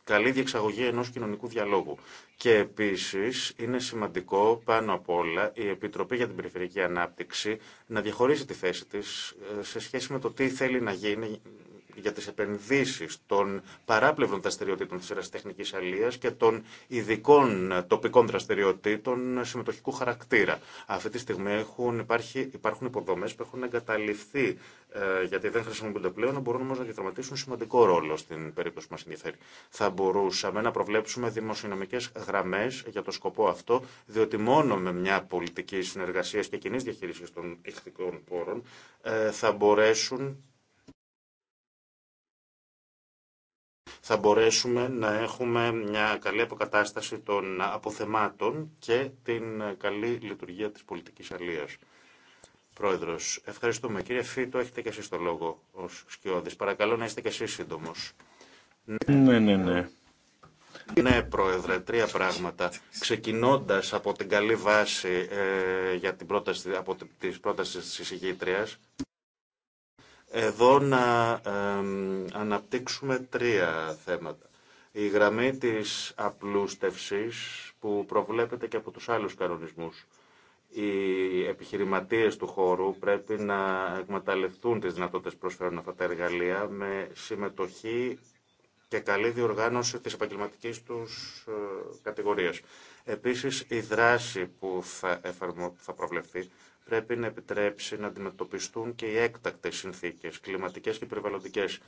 καλή διεξαγωγή ενός κοινωνικού διαλόγου. Και επίσης είναι σημαντικό πάνω απ' όλα η Επιτροπή για την Περιφερειακή Ανάπτυξη να διαχωρίζει τη θέση της ε, σε σχέση με το τι θέλει να γίνει για τις επενδύσεις των παράπλευρων δραστηριοτήτων της ερασιτεχνικής αλίας και των ειδικών τοπικών δραστηριοτήτων συμμετοχικού χαρακτήρα. Αυτή τη στιγμή έχουν, υπάρχει, υπάρχουν υποδομές που έχουν εγκαταλειφθεί ε, γιατί δεν χρησιμοποιούνται πλέον, μπορούν όμως να διαδραματίσουν σημαντικό ρόλο στην περίπτωση που μας ενδιαφέρει. Θα μπορούσαμε να προβλέψουμε δημοσιονομικές γραμμές για το σκοπό αυτό, διότι μόνο με μια πολιτική συνεργασία και κοινή διαχείριση των ηχθικών πόρων ε, θα μπορέσουν θα μπορέσουμε να έχουμε μια καλή αποκατάσταση των αποθεμάτων και την καλή λειτουργία της πολιτικής αλίας. Πρόεδρος, ευχαριστούμε. Κύριε Φίτο, έχετε και εσείς το λόγο ως σκιώδης. Παρακαλώ να είστε και εσείς σύντομος. Ναι, ναι, ναι. Ναι, Πρόεδρε, τρία πράγματα. Ξεκινώντας από την καλή βάση ε, για την πρόταση, από τις της εισηγήτριας, εδώ να αναπτύξουμε τρία θέματα. Η γραμμή της απλούστευσης που προβλέπεται και από τους άλλους κανονισμούς. Οι επιχειρηματίες του χώρου πρέπει να εκμεταλλευτούν τις δυνατότητες που προσφέρουν αυτά τα εργαλεία με συμμετοχή και καλή διοργάνωση της επαγγελματική τους ε, κατηγορίας. Επίσης, η δράση που θα, εφαρμο... θα προβλεφθεί πρέπει να επιτρέψει να αντιμετωπιστούν και οι έκτακτες συνθήκες, κλιματικές και περιβαλλοντικές,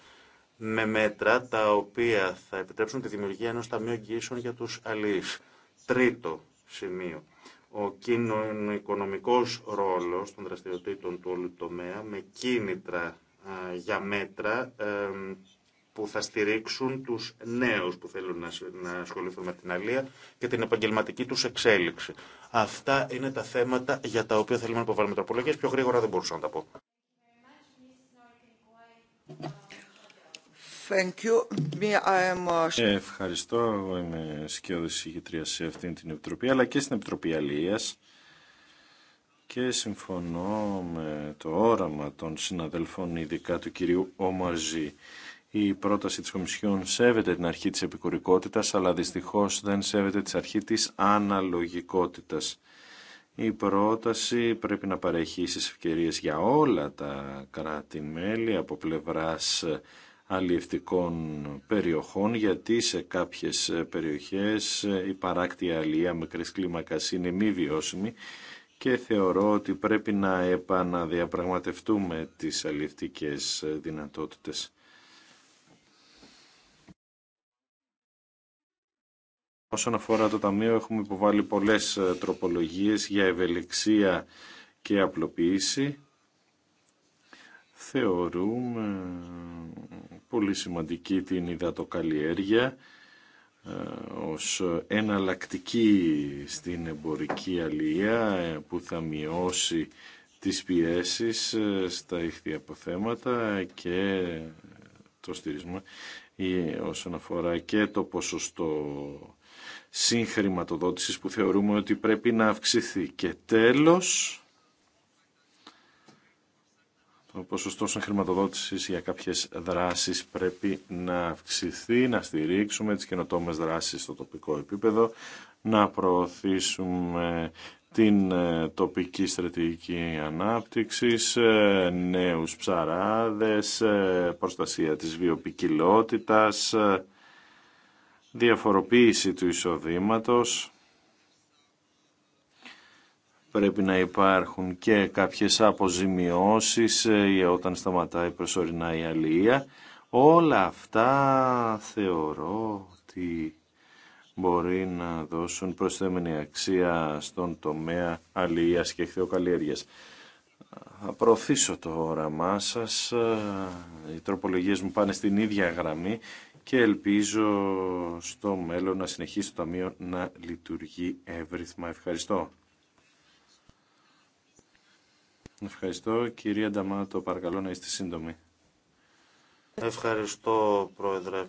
με μέτρα τα οποία θα επιτρέψουν τη δημιουργία ενός ταμείου εγγύησεων για τους αλληλείς. Τρίτο σημείο, ο κοινωνικονομικός ρόλος των δραστηριοτήτων του όλου τομέα με κίνητρα για μέτρα που θα στηρίξουν τους νέους που θέλουν να ασχοληθούν με την αλία και την επαγγελματική τους εξέλιξη. Αυτά είναι τα θέματα για τα οποία θέλουμε να υποβάλουμε τροπολογίες. Πιο γρήγορα δεν μπορούσα να τα πω. Thank you. Uh, ε, ευχαριστώ. Εγώ είμαι σκιώδης ηγητρία σε αυτήν την Επιτροπή, αλλά και στην Επιτροπή Αλίας. Και συμφωνώ με το όραμα των συναδελφών, ειδικά του κυρίου Ομαζή η πρόταση της Κομισιόν σέβεται την αρχή της επικουρικότητας, αλλά δυστυχώς δεν σέβεται της αρχή της αναλογικότητας. Η πρόταση πρέπει να παρέχει ίσες ευκαιρίες για όλα τα κράτη-μέλη από πλευράς αλλιευτικών περιοχών, γιατί σε κάποιες περιοχές η παράκτια αλληλεία μικρής κλίμακα είναι μη βιώσιμη και θεωρώ ότι πρέπει να επαναδιαπραγματευτούμε τις αλληλευτικές δυνατότητες. Όσον αφορά το Ταμείο έχουμε υποβάλει πολλές ε, τροπολογίες για ευελιξία και απλοποίηση. Θεωρούμε ε, πολύ σημαντική την υδατοκαλλιέργεια ε, ως εναλλακτική στην εμπορική αλία που θα μειώσει τις πιέσεις στα ίχθη αποθέματα και το στηρίσμα, όσον αφορά και το ποσοστό συγχρηματοδότησης που θεωρούμε ότι πρέπει να αυξηθεί. Και τέλος, το ποσοστό συγχρηματοδότησης για κάποιες δράσεις πρέπει να αυξηθεί, να στηρίξουμε τις καινοτόμες δράσεις στο τοπικό επίπεδο, να προωθήσουμε την ε, τοπική στρατηγική ανάπτυξης, ε, νέους ψαράδες, ε, προστασία της βιοπικιλότητας, διαφοροποίηση του εισοδήματος, πρέπει να υπάρχουν και κάποιες αποζημιώσεις ε, όταν σταματάει προσωρινά η αλληλεία. Όλα αυτά θεωρώ ότι μπορεί να δώσουν προσθέμενη αξία στον τομέα αλληλείας και χθεοκαλλιέργειας. Θα προωθήσω το όραμά σας. Ε, οι τροπολογίες μου πάνε στην ίδια γραμμή και ελπίζω στο μέλλον να συνεχίσει το Ταμείο να λειτουργεί εύρυθμα. Ευχαριστώ. Ευχαριστώ. Κυρία Νταμάτο, παρακαλώ να είστε σύντομοι. Ευχαριστώ, Πρόεδρε.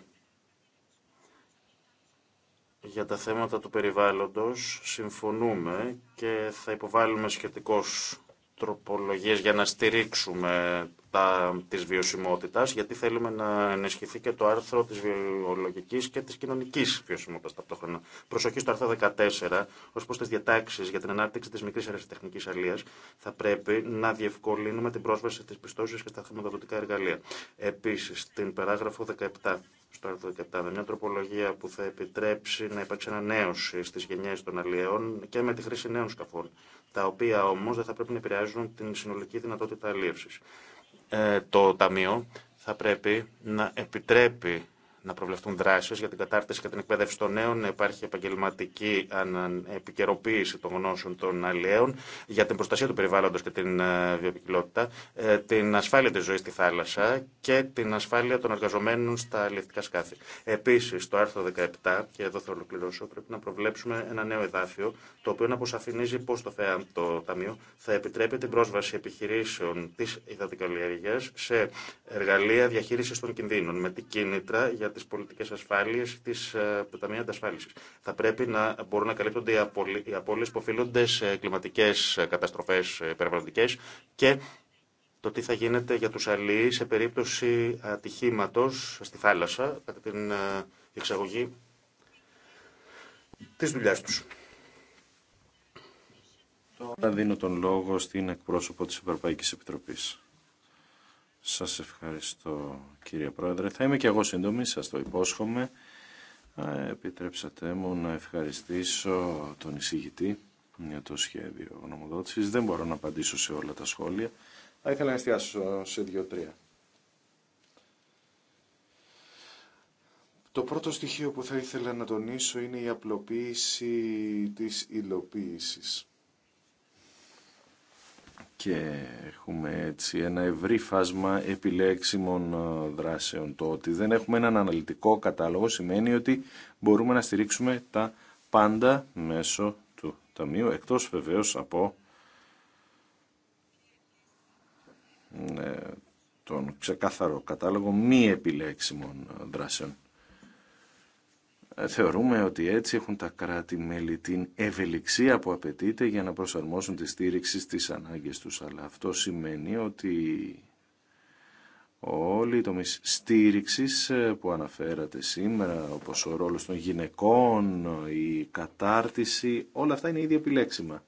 Για τα θέματα του περιβάλλοντος συμφωνούμε και θα υποβάλουμε σχετικώς τροπολογίες για να στηρίξουμε τα, της βιωσιμότητας, γιατί θέλουμε να ενισχυθεί και το άρθρο της βιολογικής και της κοινωνικής βιωσιμότητας ταυτόχρονα. Προσοχή στο άρθρο 14, ως προς τις διατάξεις για την ανάπτυξη της μικρής αεραστεχνικής αλίας, θα πρέπει να διευκολύνουμε την πρόσβαση της πιστώσεως και στα χρηματοδοτικά εργαλεία. Επίσης, στην παράγραφο 17, στο άρθρο 17, με μια τροπολογία που θα επιτρέψει να υπάρξει ανανέωση στι γενιέ των αλλιέων και με τη χρήση νέων σκαφών, τα οποία όμω δεν θα πρέπει να επηρεάζουν την συνολική δυνατότητα αλλίευση. Ε, το Ταμείο θα πρέπει να επιτρέπει να προβλεφτούν δράσει για την κατάρτιση και την εκπαίδευση των νέων, να υπάρχει επαγγελματική επικαιροποίηση των γνώσεων των αλλιέων για την προστασία του περιβάλλοντο και την ε, βιοπικιλότητα, ε, την ασφάλεια τη ζωή στη θάλασσα και την ασφάλεια των εργαζομένων στα αλληλευτικά σκάφη. Επίση, το άρθρο 17, και εδώ θα ολοκληρώσω, πρέπει να προβλέψουμε ένα νέο εδάφιο, το οποίο να αποσαφηνίζει πώ το, το Ταμείο θα επιτρέπει την πρόσβαση επιχειρήσεων τη υδατοκαλλιέργεια σε εργαλεία διαχείριση των κινδύνων, με τη κίνητρα για τις πολιτικές ασφάλειες της και ε, τη Θα πρέπει να μπορούν να καλύπτονται οι απώλειε που οφείλονται σε κλιματικέ ε, καταστροφέ ε, περιβαλλοντικές και το τι θα γίνεται για τους αλλοί σε περίπτωση ατυχήματος στη θάλασσα κατά την εξαγωγή της δουλειά τους. Τώρα δίνω τον λόγο στην εκπρόσωπο της Ευρωπαϊκής Επιτροπής. Σας ευχαριστώ κύριε Πρόεδρε. Θα είμαι και εγώ σύντομη, σας το υπόσχομαι. Επιτρέψατε μου να ευχαριστήσω τον εισηγητή για το σχέδιο γνωμοδότησης. Δεν μπορώ να απαντήσω σε όλα τα σχόλια. Θα ήθελα να εστιάσω σε δύο-τρία. Το πρώτο στοιχείο που θα ήθελα να τονίσω είναι η απλοποίηση της υλοποίησης και έχουμε έτσι ένα ευρύ φάσμα επιλέξιμων ε, δράσεων. Το ότι δεν έχουμε έναν αναλυτικό κατάλογο σημαίνει ότι μπορούμε να στηρίξουμε τα πάντα μέσω του Ταμείου, εκτός βεβαίως από ε, τον ξεκάθαρο κατάλογο μη επιλέξιμων ε, δράσεων. Θεωρούμε ότι έτσι έχουν τα κράτη-μέλη την ευελιξία που απαιτείται για να προσαρμόσουν τη στήριξη στις ανάγκες τους. Αλλά αυτό σημαίνει ότι όλοι οι τομείς στήριξης ε, που αναφέρατε σήμερα, όπως ο ρόλος των γυναικών, η κατάρτιση, όλα αυτά είναι ήδη επιλέξιμα.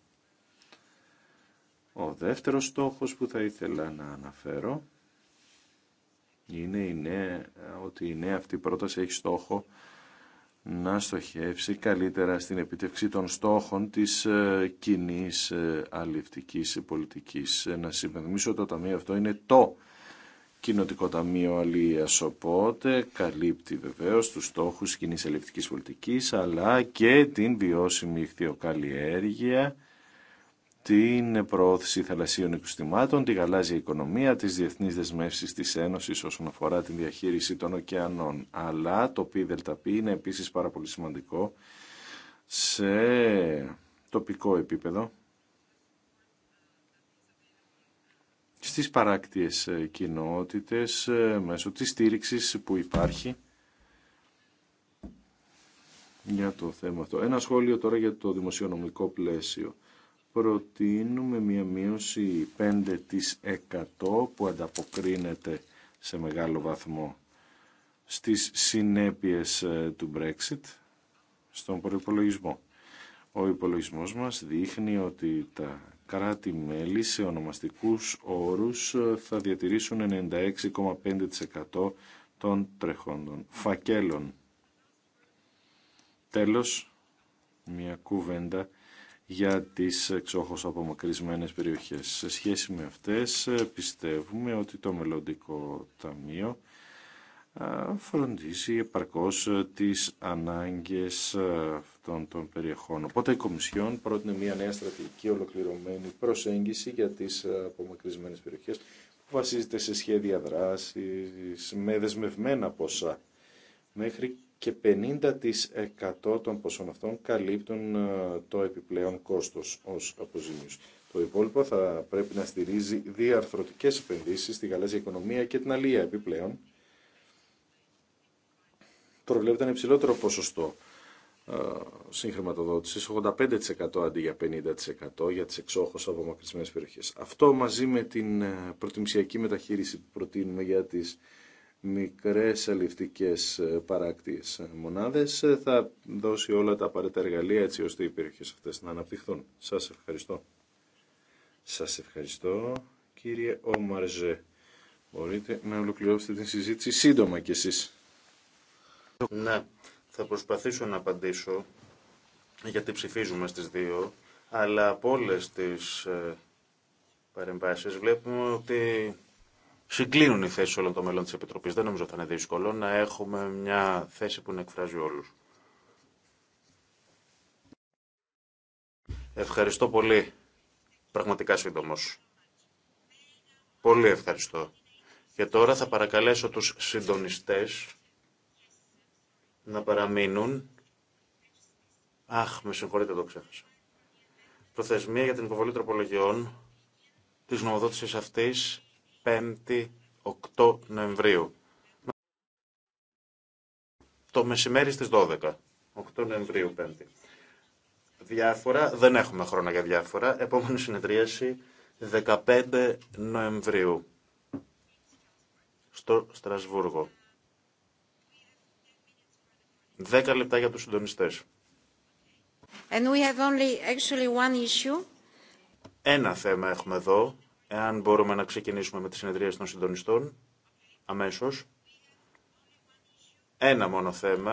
Ο δεύτερος στόχος που θα ήθελα να αναφέρω είναι η ότι η νέα αυτή πρόταση έχει στόχο να στοχεύσει καλύτερα στην επιτευξή των στόχων της ε, κοινή ε, αλληλευτικής πολιτικής. Ε, να συμπενθυμίσω το ταμείο αυτό είναι το Κοινοτικό Ταμείο Αλίας, οπότε καλύπτει βεβαίως τους στόχους κοινή αλληλευτικής πολιτικής, αλλά και την βιώσιμη ηχθειοκαλλιέργεια την προώθηση θαλασσίων οικοστημάτων, τη γαλάζια οικονομία, τις διεθνείς δεσμεύσεις της Ένωσης όσον αφορά την διαχείριση των ωκεανών. Αλλά το ΠΔΠ είναι επίσης πάρα πολύ σημαντικό σε τοπικό επίπεδο. στις παράκτιες ε, κοινότητες ε, μέσω της στήριξης που υπάρχει για το θέμα αυτό. Ένα σχόλιο τώρα για το δημοσιονομικό πλαίσιο προτείνουμε μια μείωση 5% που ανταποκρίνεται σε μεγάλο βαθμό στις συνέπειες ε, του Brexit στον προϋπολογισμό. Ο υπολογισμός μας δείχνει ότι τα κράτη-μέλη σε ονομαστικούς όρους ε, θα διατηρήσουν 96,5% των τρεχόντων φακέλων. Τέλος, μια κουβέντα για τις εξόχως απομακρυσμένες περιοχές. Σε σχέση με αυτές ε, πιστεύουμε ότι το μελλοντικό ταμείο ε, φροντίζει επαρκώς ε, τις ανάγκες αυτών των περιεχών. Οπότε η Κομισιόν πρότεινε μια νέα στρατηγική ολοκληρωμένη προσέγγιση για τις απομακρυσμένες περιοχές που βασίζεται σε σχέδια δράσης με δεσμευμένα ποσά μέχρι και 50% των ποσών αυτών καλύπτουν ε, το επιπλέον κόστος ως αποζημίωση. Το υπόλοιπο θα πρέπει να στηρίζει διαρθρωτικές επενδύσεις στη γαλάζια οικονομία και την αλία επιπλέον. Προβλέπεται ένα υψηλότερο ποσοστό ε, συγχρηματοδότηση, 85% αντί για 50% για τις εξόχως μακρισμένες περιοχές. Αυτό μαζί με την ε, προτιμησιακή μεταχείριση που προτείνουμε για τις μικρές αληφτικές ε, παράκτιες ε, μονάδες ε, θα δώσει όλα τα απαραίτητα εργαλεία έτσι ώστε οι περιοχές αυτές να αναπτυχθούν. Σας ευχαριστώ. Σας ευχαριστώ κύριε Ομαρζέ. Μπορείτε να ολοκληρώσετε την συζήτηση σύντομα κι εσείς. Ναι, θα προσπαθήσω να απαντήσω γιατί ψηφίζουμε στις δύο, αλλά από όλε τις παρεμβάσεις βλέπουμε ότι συγκλίνουν οι θέσει όλων των μελών τη Επιτροπή. Δεν νομίζω θα είναι δύσκολο να έχουμε μια θέση που να εκφράζει όλου. Ευχαριστώ πολύ. Πραγματικά σύντομο. Πολύ ευχαριστώ. Και τώρα θα παρακαλέσω τους συντονιστές να παραμείνουν. Αχ, με συγχωρείτε, το ξέχασα. Προθεσμία για την υποβολή τροπολογιών της νομοδότησης αυτής 5η 8 Νοεμβρίου. Το μεσημέρι στις 12. 8 Νοεμβρίου 5η. Διάφορα, δεν έχουμε χρόνο για διάφορα. Επόμενη συνεδρίαση 15 Νοεμβρίου στο Στρασβούργο. 10 λεπτά για τους συντονιστές. And we have only actually one issue. Ένα θέμα έχουμε εδώ Εάν μπορούμε να ξεκινήσουμε με τις συνεδρίες των συντονιστών, αμέσως. Ένα μόνο θέμα